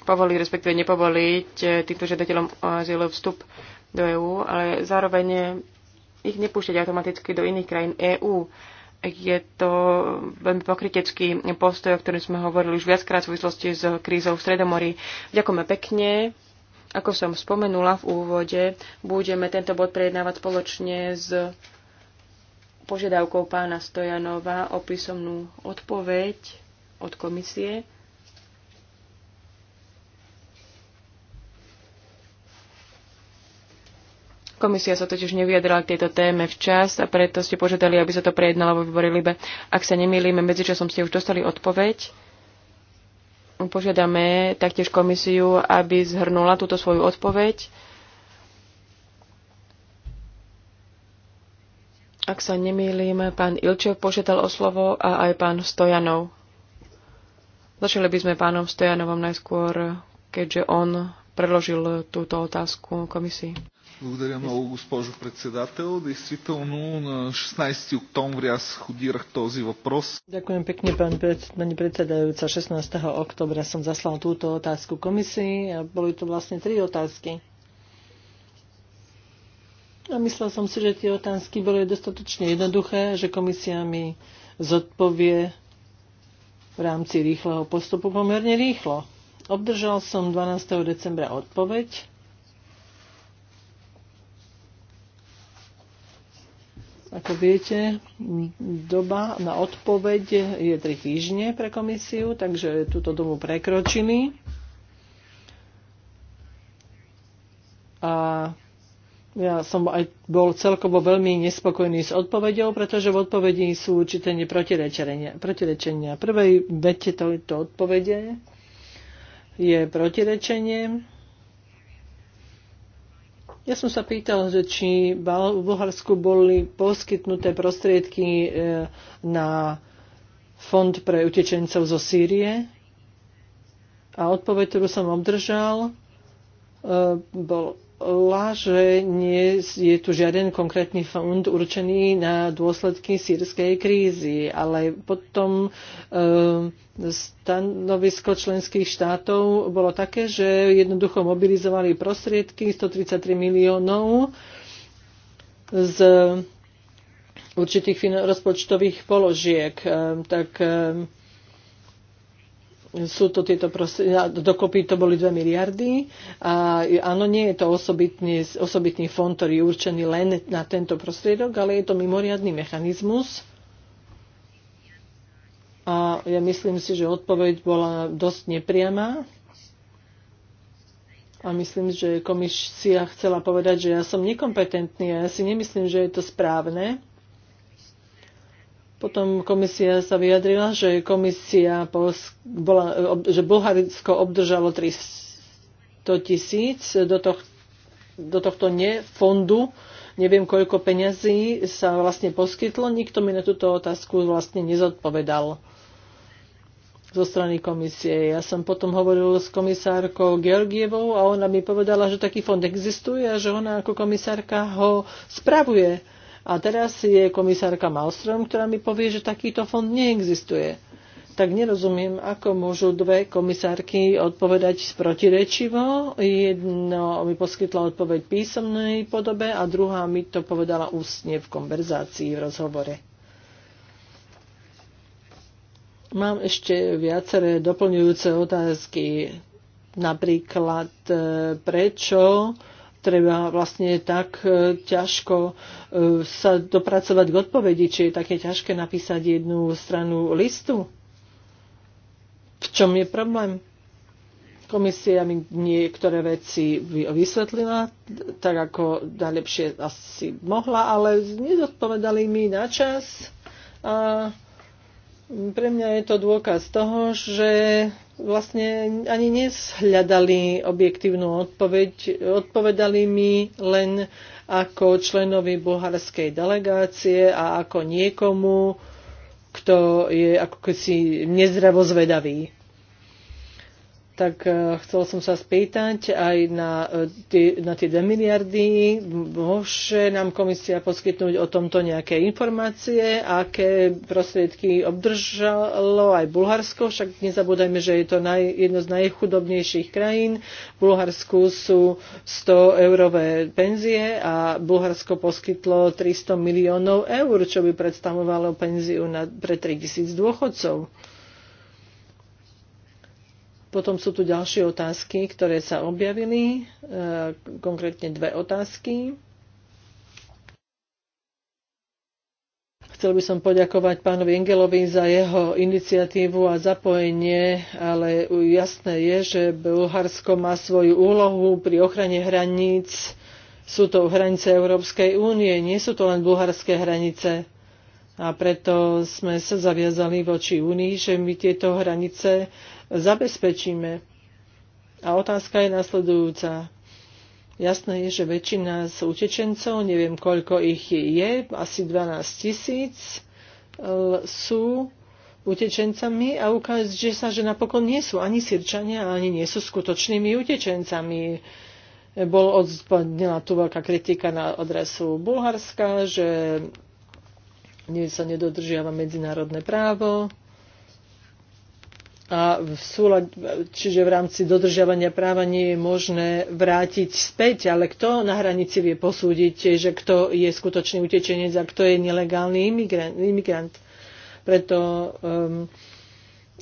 povolí, respektíve nepovoliť e, týmto žiadateľom o azyl vstup do EÚ, ale zároveň ich nepúšťať automaticky do iných krajín EÚ. Je to veľmi pokrytecký postoj, o ktorom sme hovorili už viackrát v súvislosti s krízou v Stredomorí. Ďakujeme pekne. Ako som spomenula v úvode, budeme tento bod prejednávať spoločne s požiadavkou pána Stojanova o písomnú odpoveď od komisie. Komisia sa totiž nevyjadrala k tejto téme včas a preto ste požiadali, aby sa to prejednalo vo výbore Libe. Ak sa nemýlime, medzičasom ste už dostali odpoveď. Požiadame taktiež komisiu, aby zhrnula túto svoju odpoveď. Ak sa nemýlim, pán Ilčev požiadal o slovo a aj pán Stojanov. Začali by sme pánom Stojanovom najskôr, keďže on predložil túto otázku komisii. Благодаря много, госпожо председател. Действително, на 16 октомври аз ходирах този въпрос. Дякуем пекни, pani, pred, 16. октомври съм заслал túto otázku комисии. a то власне три отазки. A myslel som si, že tie otázky boli dostatočne jednoduché, že komisia mi zodpovie v rámci rýchleho postupu pomerne rýchlo. Obdržal som 12. decembra odpoveď Ako viete, doba na odpoveď je 3 týždne pre komisiu, takže túto dobu prekročili. A ja som aj bol celkovo veľmi nespokojný s odpovedou, pretože v odpovedi sú určité protirečenia. protirečenia. Prvej vete tohto odpovede je protirečenie ja som sa pýtal, že či v Bulharsku boli poskytnuté prostriedky e, na fond pre utečencov zo Sýrie. A odpoveď, ktorú som obdržal, e, bol že nie je tu žiaden konkrétny fond určený na dôsledky sírskej krízy, ale potom eh, stanovisko členských štátov bolo také, že jednoducho mobilizovali prostriedky 133 miliónov z určitých rozpočtových položiek. Eh, tak eh, sú to tieto proste, dokopy to boli 2 miliardy a áno, nie je to osobitný, osobitný fond, ktorý je určený len na tento prostriedok, ale je to mimoriadný mechanizmus a ja myslím si, že odpoveď bola dosť nepriamá a myslím, že komisia chcela povedať, že ja som nekompetentný a ja si nemyslím, že je to správne potom komisia sa vyjadrila, že komisia bola, že Bulharsko obdržalo 300 tisíc do, toh, do tohto nefondu. Neviem, koľko peňazí sa vlastne poskytlo. Nikto mi na túto otázku vlastne nezodpovedal zo strany komisie. Ja som potom hovoril s komisárkou Georgievou a ona mi povedala, že taký fond existuje a že ona ako komisárka ho spravuje. A teraz je komisárka Malström, ktorá mi povie, že takýto fond neexistuje. Tak nerozumiem, ako môžu dve komisárky odpovedať protirečivo. Jedno mi poskytla odpoveď písomnej podobe a druhá mi to povedala ústne v konverzácii, v rozhovore. Mám ešte viaceré doplňujúce otázky. Napríklad, eh, prečo treba vlastne tak e, ťažko e, sa dopracovať k odpovedi, či je také ťažké napísať jednu stranu listu. V čom je problém? Komisia mi niektoré veci vysvetlila, tak ako najlepšie asi mohla, ale nezodpovedali mi na čas. A pre mňa je to dôkaz toho, že vlastne ani neshľadali objektívnu odpoveď. Odpovedali mi len ako členovi bulharskej delegácie a ako niekomu, kto je ako si nezdravo zvedavý tak e, chcel som sa spýtať aj na, e, na tie 2 miliardy. Môže nám komisia poskytnúť o tomto nejaké informácie, aké prostriedky obdržalo aj Bulharsko, však nezabúdajme, že je to naj, jedno z najchudobnejších krajín. V Bulharsku sú 100 eurové penzie a Bulharsko poskytlo 300 miliónov eur, čo by predstavovalo penziu na, pre 3000 dôchodcov. Potom sú tu ďalšie otázky, ktoré sa objavili, e, konkrétne dve otázky. Chcel by som poďakovať pánovi Engelovi za jeho iniciatívu a zapojenie, ale jasné je, že Bulharsko má svoju úlohu pri ochrane hraníc. Sú to hranice Európskej únie, nie sú to len bulharské hranice. A preto sme sa zaviazali voči únii, že my tieto hranice zabezpečíme. A otázka je nasledujúca. Jasné je, že väčšina z utečencov, neviem koľko ich je, asi 12 tisíc, sú utečencami a ukáže sa, že napokon nie sú ani Sirčania, ani nie sú skutočnými utečencami. Bol odpadnila tu veľká kritika na adresu Bulharska, že sa nedodržiava medzinárodné právo a v súľad, čiže v rámci dodržiavania práva nie je možné vrátiť späť, ale kto na hranici vie posúdiť, že kto je skutočný utečenec a kto je nelegálny imigrant. imigrant. Preto um,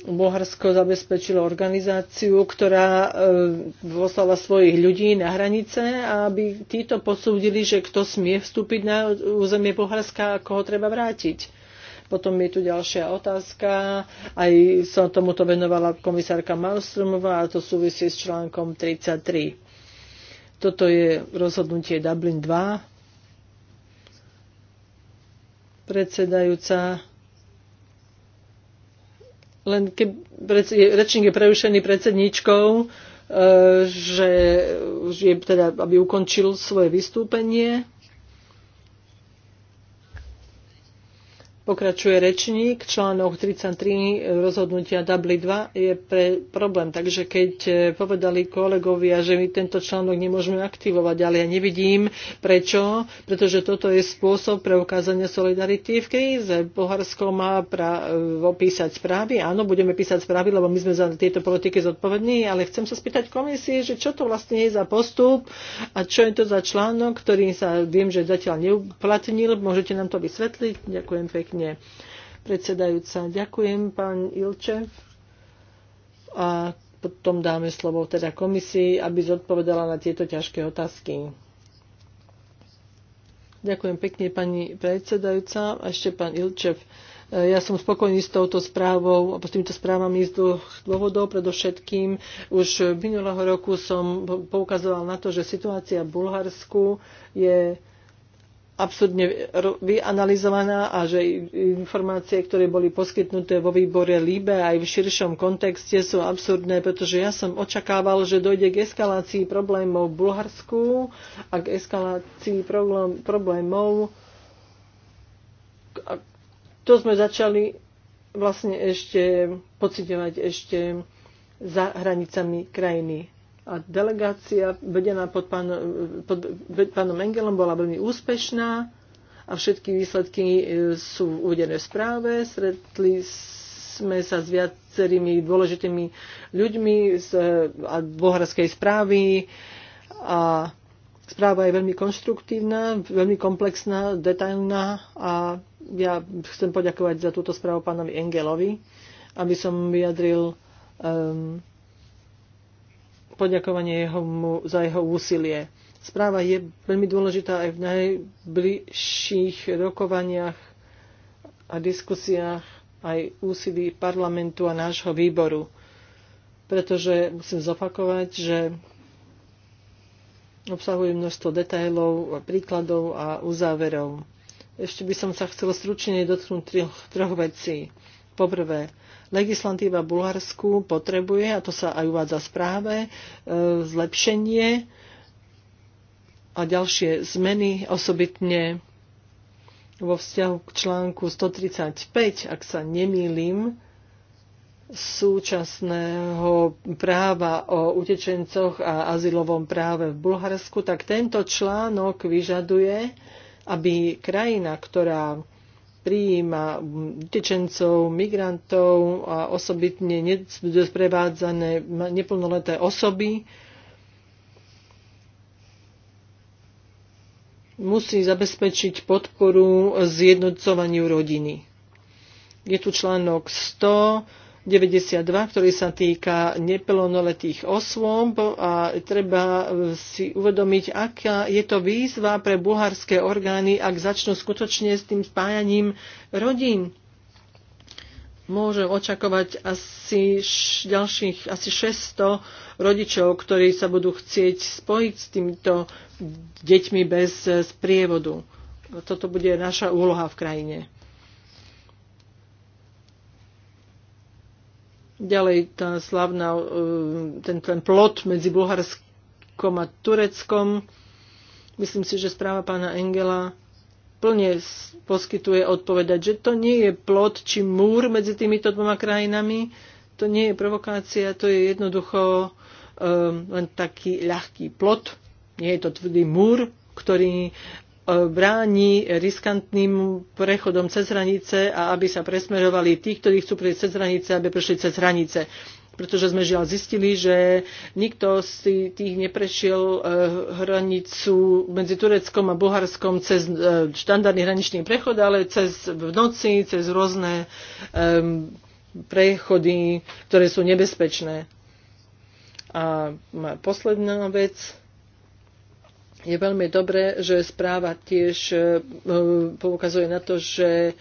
Bulharsko zabezpečilo organizáciu, ktorá um, poslala svojich ľudí na hranice, aby títo posúdili, že kto smie vstúpiť na územie Bulharska a koho treba vrátiť. Potom je tu ďalšia otázka. Aj som tomuto venovala komisárka Malmströmová a to súvisí s článkom 33. Toto je rozhodnutie Dublin 2. Predsedajúca len keď rečník je prerušený predsedničkou, e, že je teda, aby ukončil svoje vystúpenie. Pokračuje rečník, článok 33 rozhodnutia Dublin 2 je pre problém. Takže keď e, povedali kolegovia, že my tento článok nemôžeme aktivovať, ale ja nevidím prečo, pretože toto je spôsob pre ukázanie solidarity v kríze. Bulharsko má pra, e, písať správy, áno, budeme písať správy, lebo my sme za tieto politiky zodpovední, ale chcem sa spýtať komisie, že čo to vlastne je za postup a čo je to za článok, ktorý sa viem, že zatiaľ neuplatnil. Môžete nám to vysvetliť? Ďakujem pekne pekne, predsedajúca. Ďakujem, pán Ilčev. A potom dáme slovo teda komisii, aby zodpovedala na tieto ťažké otázky. Ďakujem pekne, pani predsedajúca. A ešte pán Ilčev. Ja som spokojný s touto správou, s týmito správami z dvoch dôvodov. Predovšetkým už minulého roku som poukazoval na to, že situácia v Bulharsku je absurdne vyanalizovaná a že informácie, ktoré boli poskytnuté vo výbore líbe aj v širšom kontexte sú absurdné, pretože ja som očakával, že dojde k eskalácii problémov v Bulharsku a k eskalácii problém, problémov. A to sme začali vlastne ešte pocitovať ešte za hranicami krajiny. A delegácia vedená pod, pán, pod pánom Engelom bola veľmi úspešná a všetky výsledky e, sú uvedené v správe. Stretli sme sa s viacerými dôležitými ľuďmi z e, bohárskej správy a správa je veľmi konštruktívna, veľmi komplexná, detailná a ja chcem poďakovať za túto správu pánovi Engelovi, aby som vyjadril um, poďakovanie jeho, za jeho úsilie. Správa je veľmi dôležitá aj v najbližších rokovaniach a diskusiách aj úsilí parlamentu a nášho výboru. Pretože musím zopakovať, že obsahuje množstvo detajlov, príkladov a uzáverov. Ešte by som sa chcela stručne dotknúť troch, troch vecí. Poprvé, Legislatíva v Bulharsku potrebuje, a to sa aj uvádza v správe, e, zlepšenie a ďalšie zmeny, osobitne vo vzťahu k článku 135, ak sa nemýlim, súčasného práva o utečencoch a azylovom práve v Bulharsku, tak tento článok vyžaduje, aby krajina, ktorá prijíma utečencov, migrantov a osobitne sprevádzané neplnoleté osoby. Musí zabezpečiť podporu zjednocovaniu rodiny. Je tu článok 100 92, ktorý sa týka neplnoletých osôb a treba si uvedomiť, aká je to výzva pre bulharské orgány, ak začnú skutočne s tým spájaním rodín môžem očakovať asi ďalších asi 600 rodičov, ktorí sa budú chcieť spojiť s týmito deťmi bez sprievodu. Toto bude naša úloha v krajine. Ďalej tá slavná, e, ten, ten plot medzi Bulharskom a Tureckom. Myslím si, že správa pána Engela plne poskytuje odpovedať, že to nie je plot či múr medzi týmito dvoma krajinami, to nie je provokácia, to je jednoducho um, len taký ľahký plot, nie je to tvrdý múr, ktorý bráni riskantným prechodom cez hranice a aby sa presmerovali tí, ktorí chcú prejsť cez hranice, aby prešli cez hranice. Pretože sme žiaľ zistili, že nikto z tých neprešiel eh, hranicu medzi Tureckom a Bulharskom cez eh, štandardný hraničný prechod, ale cez v noci, cez rôzne prechody, ktoré sú nebezpečné. A posledná vec, je veľmi dobré, že správa tiež e, e, poukazuje na to, že e,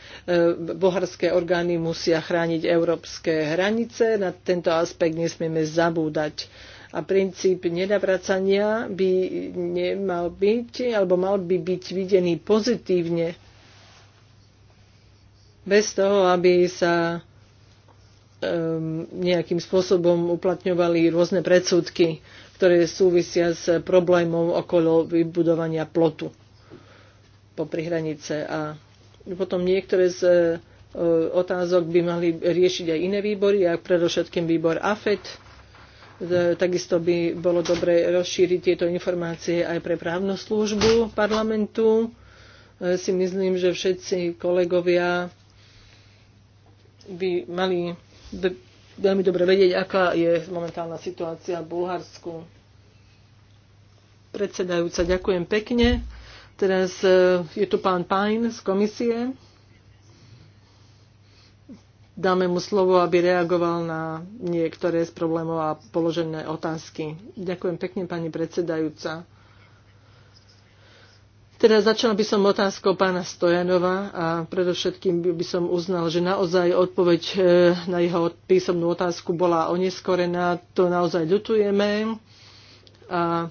boharské orgány musia chrániť európske hranice. Na tento aspekt nesmieme zabúdať. A princíp nedavracania by nemal byť, alebo mal by byť videný pozitívne, bez toho, aby sa um, nejakým spôsobom uplatňovali rôzne predsudky ktoré súvisia s problémom okolo vybudovania plotu popri hranice. A potom niektoré z e, otázok by mali riešiť aj iné výbory, a predovšetkým výbor AFET. E, takisto by bolo dobre rozšíriť tieto informácie aj pre právnu službu parlamentu. E, si myslím, že všetci kolegovia by mali veľmi dobre vedieť, aká je momentálna situácia v Bulharsku. Predsedajúca, ďakujem pekne. Teraz e, je tu pán Pajn z komisie. Dáme mu slovo, aby reagoval na niektoré z problémov a položené otázky. Ďakujem pekne, pani predsedajúca. Teda začal by som otázkou pána Stojanova a predovšetkým by som uznal, že naozaj odpoveď e, na jeho písomnú otázku bola oneskorená. To naozaj ľutujeme a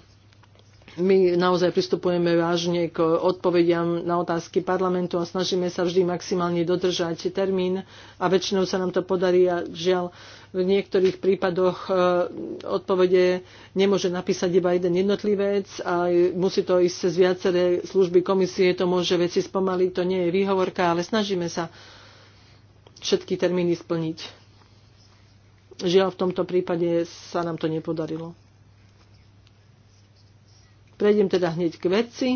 my naozaj pristupujeme vážne k odpovediam na otázky parlamentu a snažíme sa vždy maximálne dodržať termín a väčšinou sa nám to podarí a žiaľ v niektorých prípadoch e, odpovede nemôže napísať iba jeden jednotlivec a musí to ísť cez viaceré služby komisie, to môže veci spomaliť, to nie je výhovorka, ale snažíme sa všetky termíny splniť. Žiaľ, v tomto prípade sa nám to nepodarilo. Prejdem teda hneď k veci.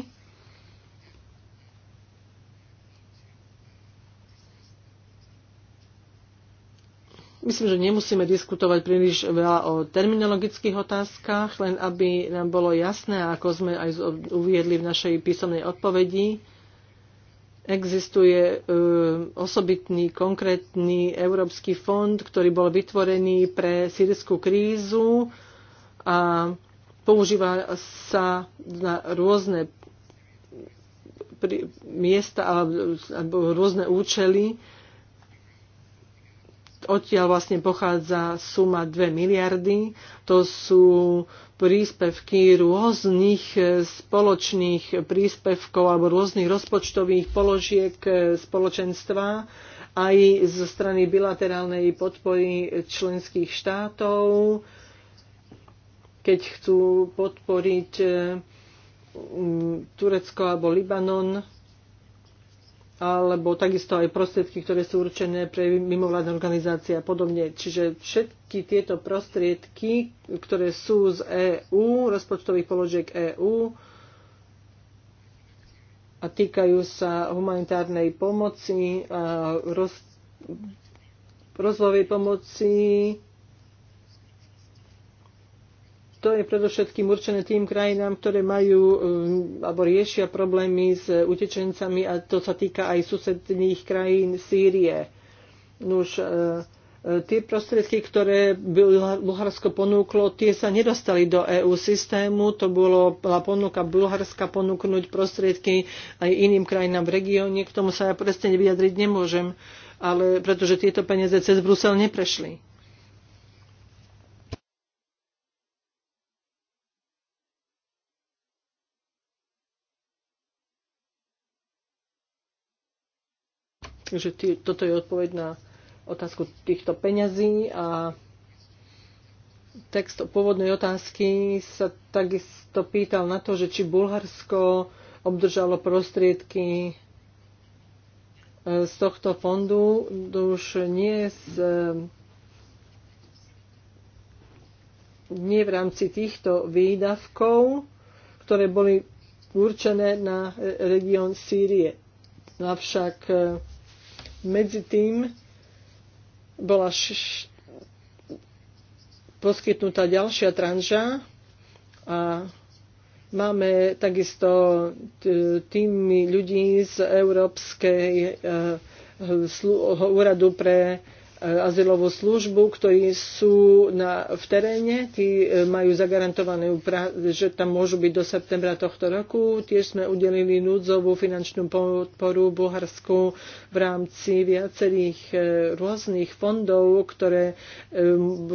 Myslím, že nemusíme diskutovať príliš veľa o terminologických otázkach, len aby nám bolo jasné, ako sme aj uviedli v našej písomnej odpovedi, existuje e, osobitný konkrétny európsky fond, ktorý bol vytvorený pre sírskú krízu a používa sa na rôzne miesta alebo rôzne účely odtiaľ vlastne pochádza suma 2 miliardy. To sú príspevky rôznych spoločných príspevkov alebo rôznych rozpočtových položiek spoločenstva aj zo strany bilaterálnej podpory členských štátov, keď chcú podporiť mm, Turecko alebo Libanon alebo takisto aj prostriedky, ktoré sú určené pre mimovládne organizácie a podobne. Čiže všetky tieto prostriedky, ktoré sú z EÚ, rozpočtových položiek EÚ a týkajú sa humanitárnej pomoci, roz, rozvojovej pomoci, to je predovšetkým určené tým krajinám, ktoré majú um, alebo riešia problémy s utečencami a to sa týka aj susedných krajín Sýrie. Nuž, e, e, tie prostriedky, ktoré Bulharsko ponúklo, tie sa nedostali do EU systému. To bolo, bola ponuka Bulharska ponúknuť prostriedky aj iným krajinám v regióne. K tomu sa ja presne vyjadriť nemôžem, ale pretože tieto peniaze cez Brusel neprešli. Takže tý, toto je odpoveď na otázku týchto peňazí a text pôvodnej otázky sa takisto pýtal na to, že či Bulharsko obdržalo prostriedky e, z tohto fondu, to už nie z e, nie v rámci týchto výdavkov, ktoré boli určené na e, región Sýrie. No avšak medzi tým bola poskytnutá ďalšia tranža a máme takisto tými ľudí z Európskej eh, úradu pre azylovú službu, ktorí sú na, v teréne, tí e, majú zagarantované, že tam môžu byť do septembra tohto roku. Tiež sme udelili núdzovú finančnú podporu Bulharsku v rámci viacerých e, rôznych fondov, ktoré e,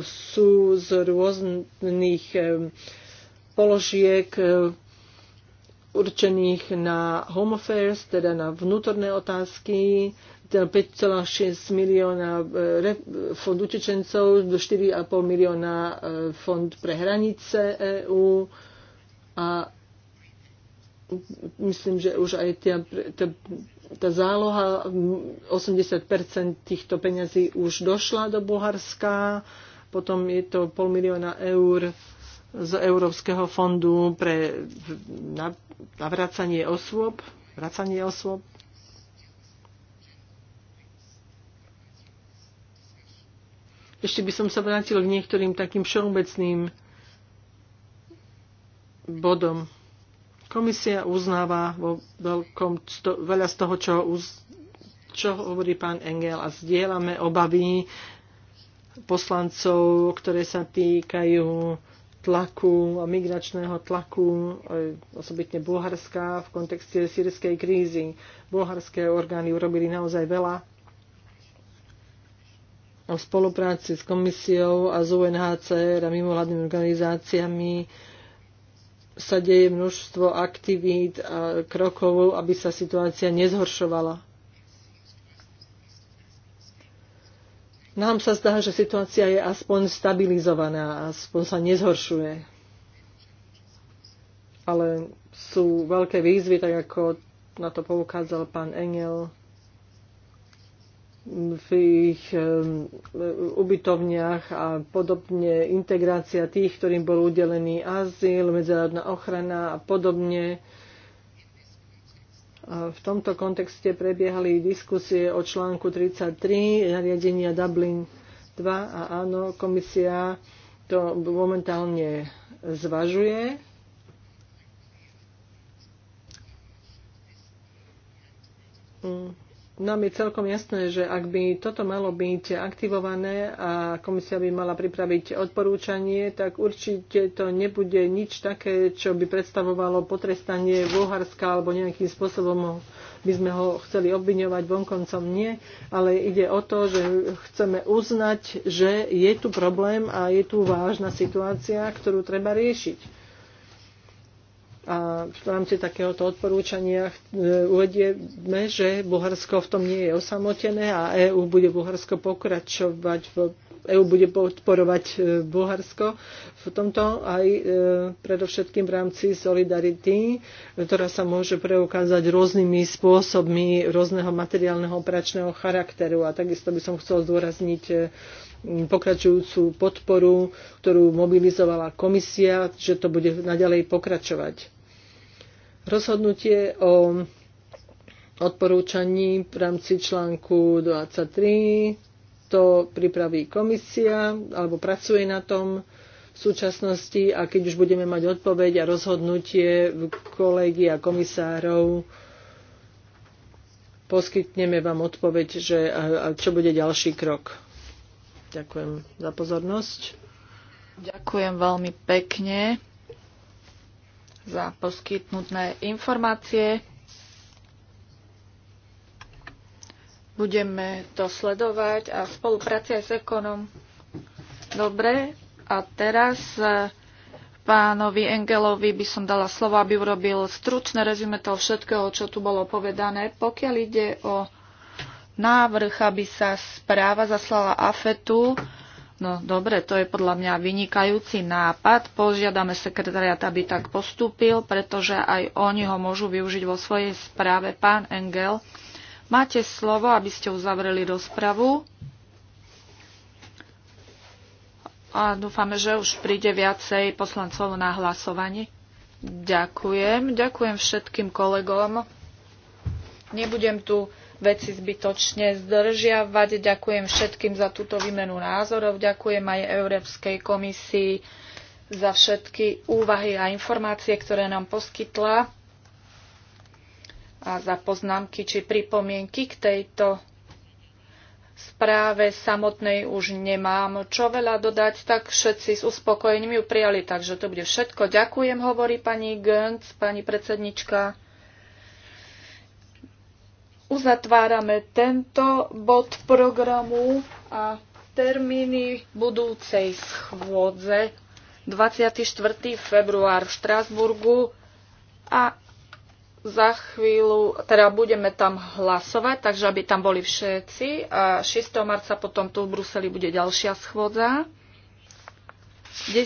sú z rôznych položiek určených na home affairs, teda na vnútorné otázky, 5,6 milióna e, fond utečencov, 4,5 milióna e, fond pre hranice EÚ a myslím, že už aj tá, tá, tá záloha 80% týchto peňazí už došla do Bulharska, potom je to pol milióna eur z Európskeho fondu pre navracanie osôb, vracanie osôb. Ešte by som sa vrátil k niektorým takým všeobecným bodom. Komisia uznáva vo veľkom, veľa z toho, čo, uz, čo hovorí pán Engel a zdieľame obavy poslancov, ktoré sa týkajú tlaku, migračného tlaku, e, osobitne Bulharska v kontexte sírskej krízy. Bulharské orgány urobili naozaj veľa v spolupráci s komisiou a s UNHCR a mimovládnymi organizáciami sa deje množstvo aktivít a krokov, aby sa situácia nezhoršovala. Nám sa zdá, že situácia je aspoň stabilizovaná, aspoň sa nezhoršuje. Ale sú veľké výzvy, tak ako na to poukázal pán Engel v ich ubytovniach a podobne integrácia tých, ktorým bol udelený azyl, medzinárodná ochrana a podobne. V tomto kontexte prebiehali diskusie o článku 33 nariadenia Dublin 2 a áno, komisia to momentálne zvažuje. Mm nám je celkom jasné, že ak by toto malo byť aktivované a komisia by mala pripraviť odporúčanie, tak určite to nebude nič také, čo by predstavovalo potrestanie Bulharska alebo nejakým spôsobom by sme ho chceli obviňovať vonkoncom nie, ale ide o to, že chceme uznať, že je tu problém a je tu vážna situácia, ktorú treba riešiť a v rámci takéhoto odporúčania e, uvedieme, že Bulharsko v tom nie je osamotené a EÚ bude Bulharsko pokračovať v EÚ bude podporovať e, Bulharsko v tomto aj e, predovšetkým v rámci solidarity, ktorá sa môže preukázať rôznymi spôsobmi rôzneho materiálneho operačného charakteru. A takisto by som chcel zdôrazniť e, pokračujúcu podporu, ktorú mobilizovala komisia, že to bude naďalej pokračovať rozhodnutie o odporúčaní v rámci článku 23. To pripraví komisia, alebo pracuje na tom v súčasnosti a keď už budeme mať odpoveď a rozhodnutie kolegy a komisárov, poskytneme vám odpoveď, že, a, čo bude ďalší krok. Ďakujem za pozornosť. Ďakujem veľmi pekne za poskytnuté informácie. Budeme to sledovať a spolupracia s ekonom. Dobre, a teraz e, pánovi Engelovi by som dala slovo, aby urobil stručné rezume toho všetkého, čo tu bolo povedané. Pokiaľ ide o návrh, aby sa správa zaslala AFETu, No dobre, to je podľa mňa vynikajúci nápad. Požiadame sekretariat, aby tak postúpil, pretože aj oni ho môžu využiť vo svojej správe. Pán Engel, máte slovo, aby ste uzavreli rozpravu. A dúfame, že už príde viacej poslancov na hlasovanie. Ďakujem. Ďakujem všetkým kolegom. Nebudem tu veci zbytočne zdržiavať. Ďakujem všetkým za túto výmenu názorov, ďakujem aj Európskej komisii za všetky úvahy a informácie, ktoré nám poskytla a za poznámky či pripomienky k tejto správe samotnej už nemám čo veľa dodať, tak všetci s uspokojením ju prijali. Takže to bude všetko. Ďakujem, hovorí pani Gönc, pani predsednička uzatvárame tento bod programu a termíny budúcej schôdze 24. február v Štrásburgu a za chvíľu, teda budeme tam hlasovať, takže aby tam boli všetci. A 6. marca potom tu v Bruseli bude ďalšia schôdza. 10.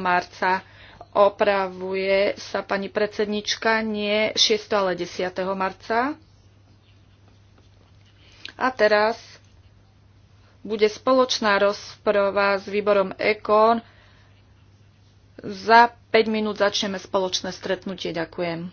marca opravuje sa pani predsednička, nie 6. ale 10. marca. A teraz bude spoločná rozprava s výborom EKON. Za 5 minút začneme spoločné stretnutie. Ďakujem.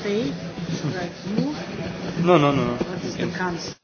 stay? Like move? No, no, no. no. you can.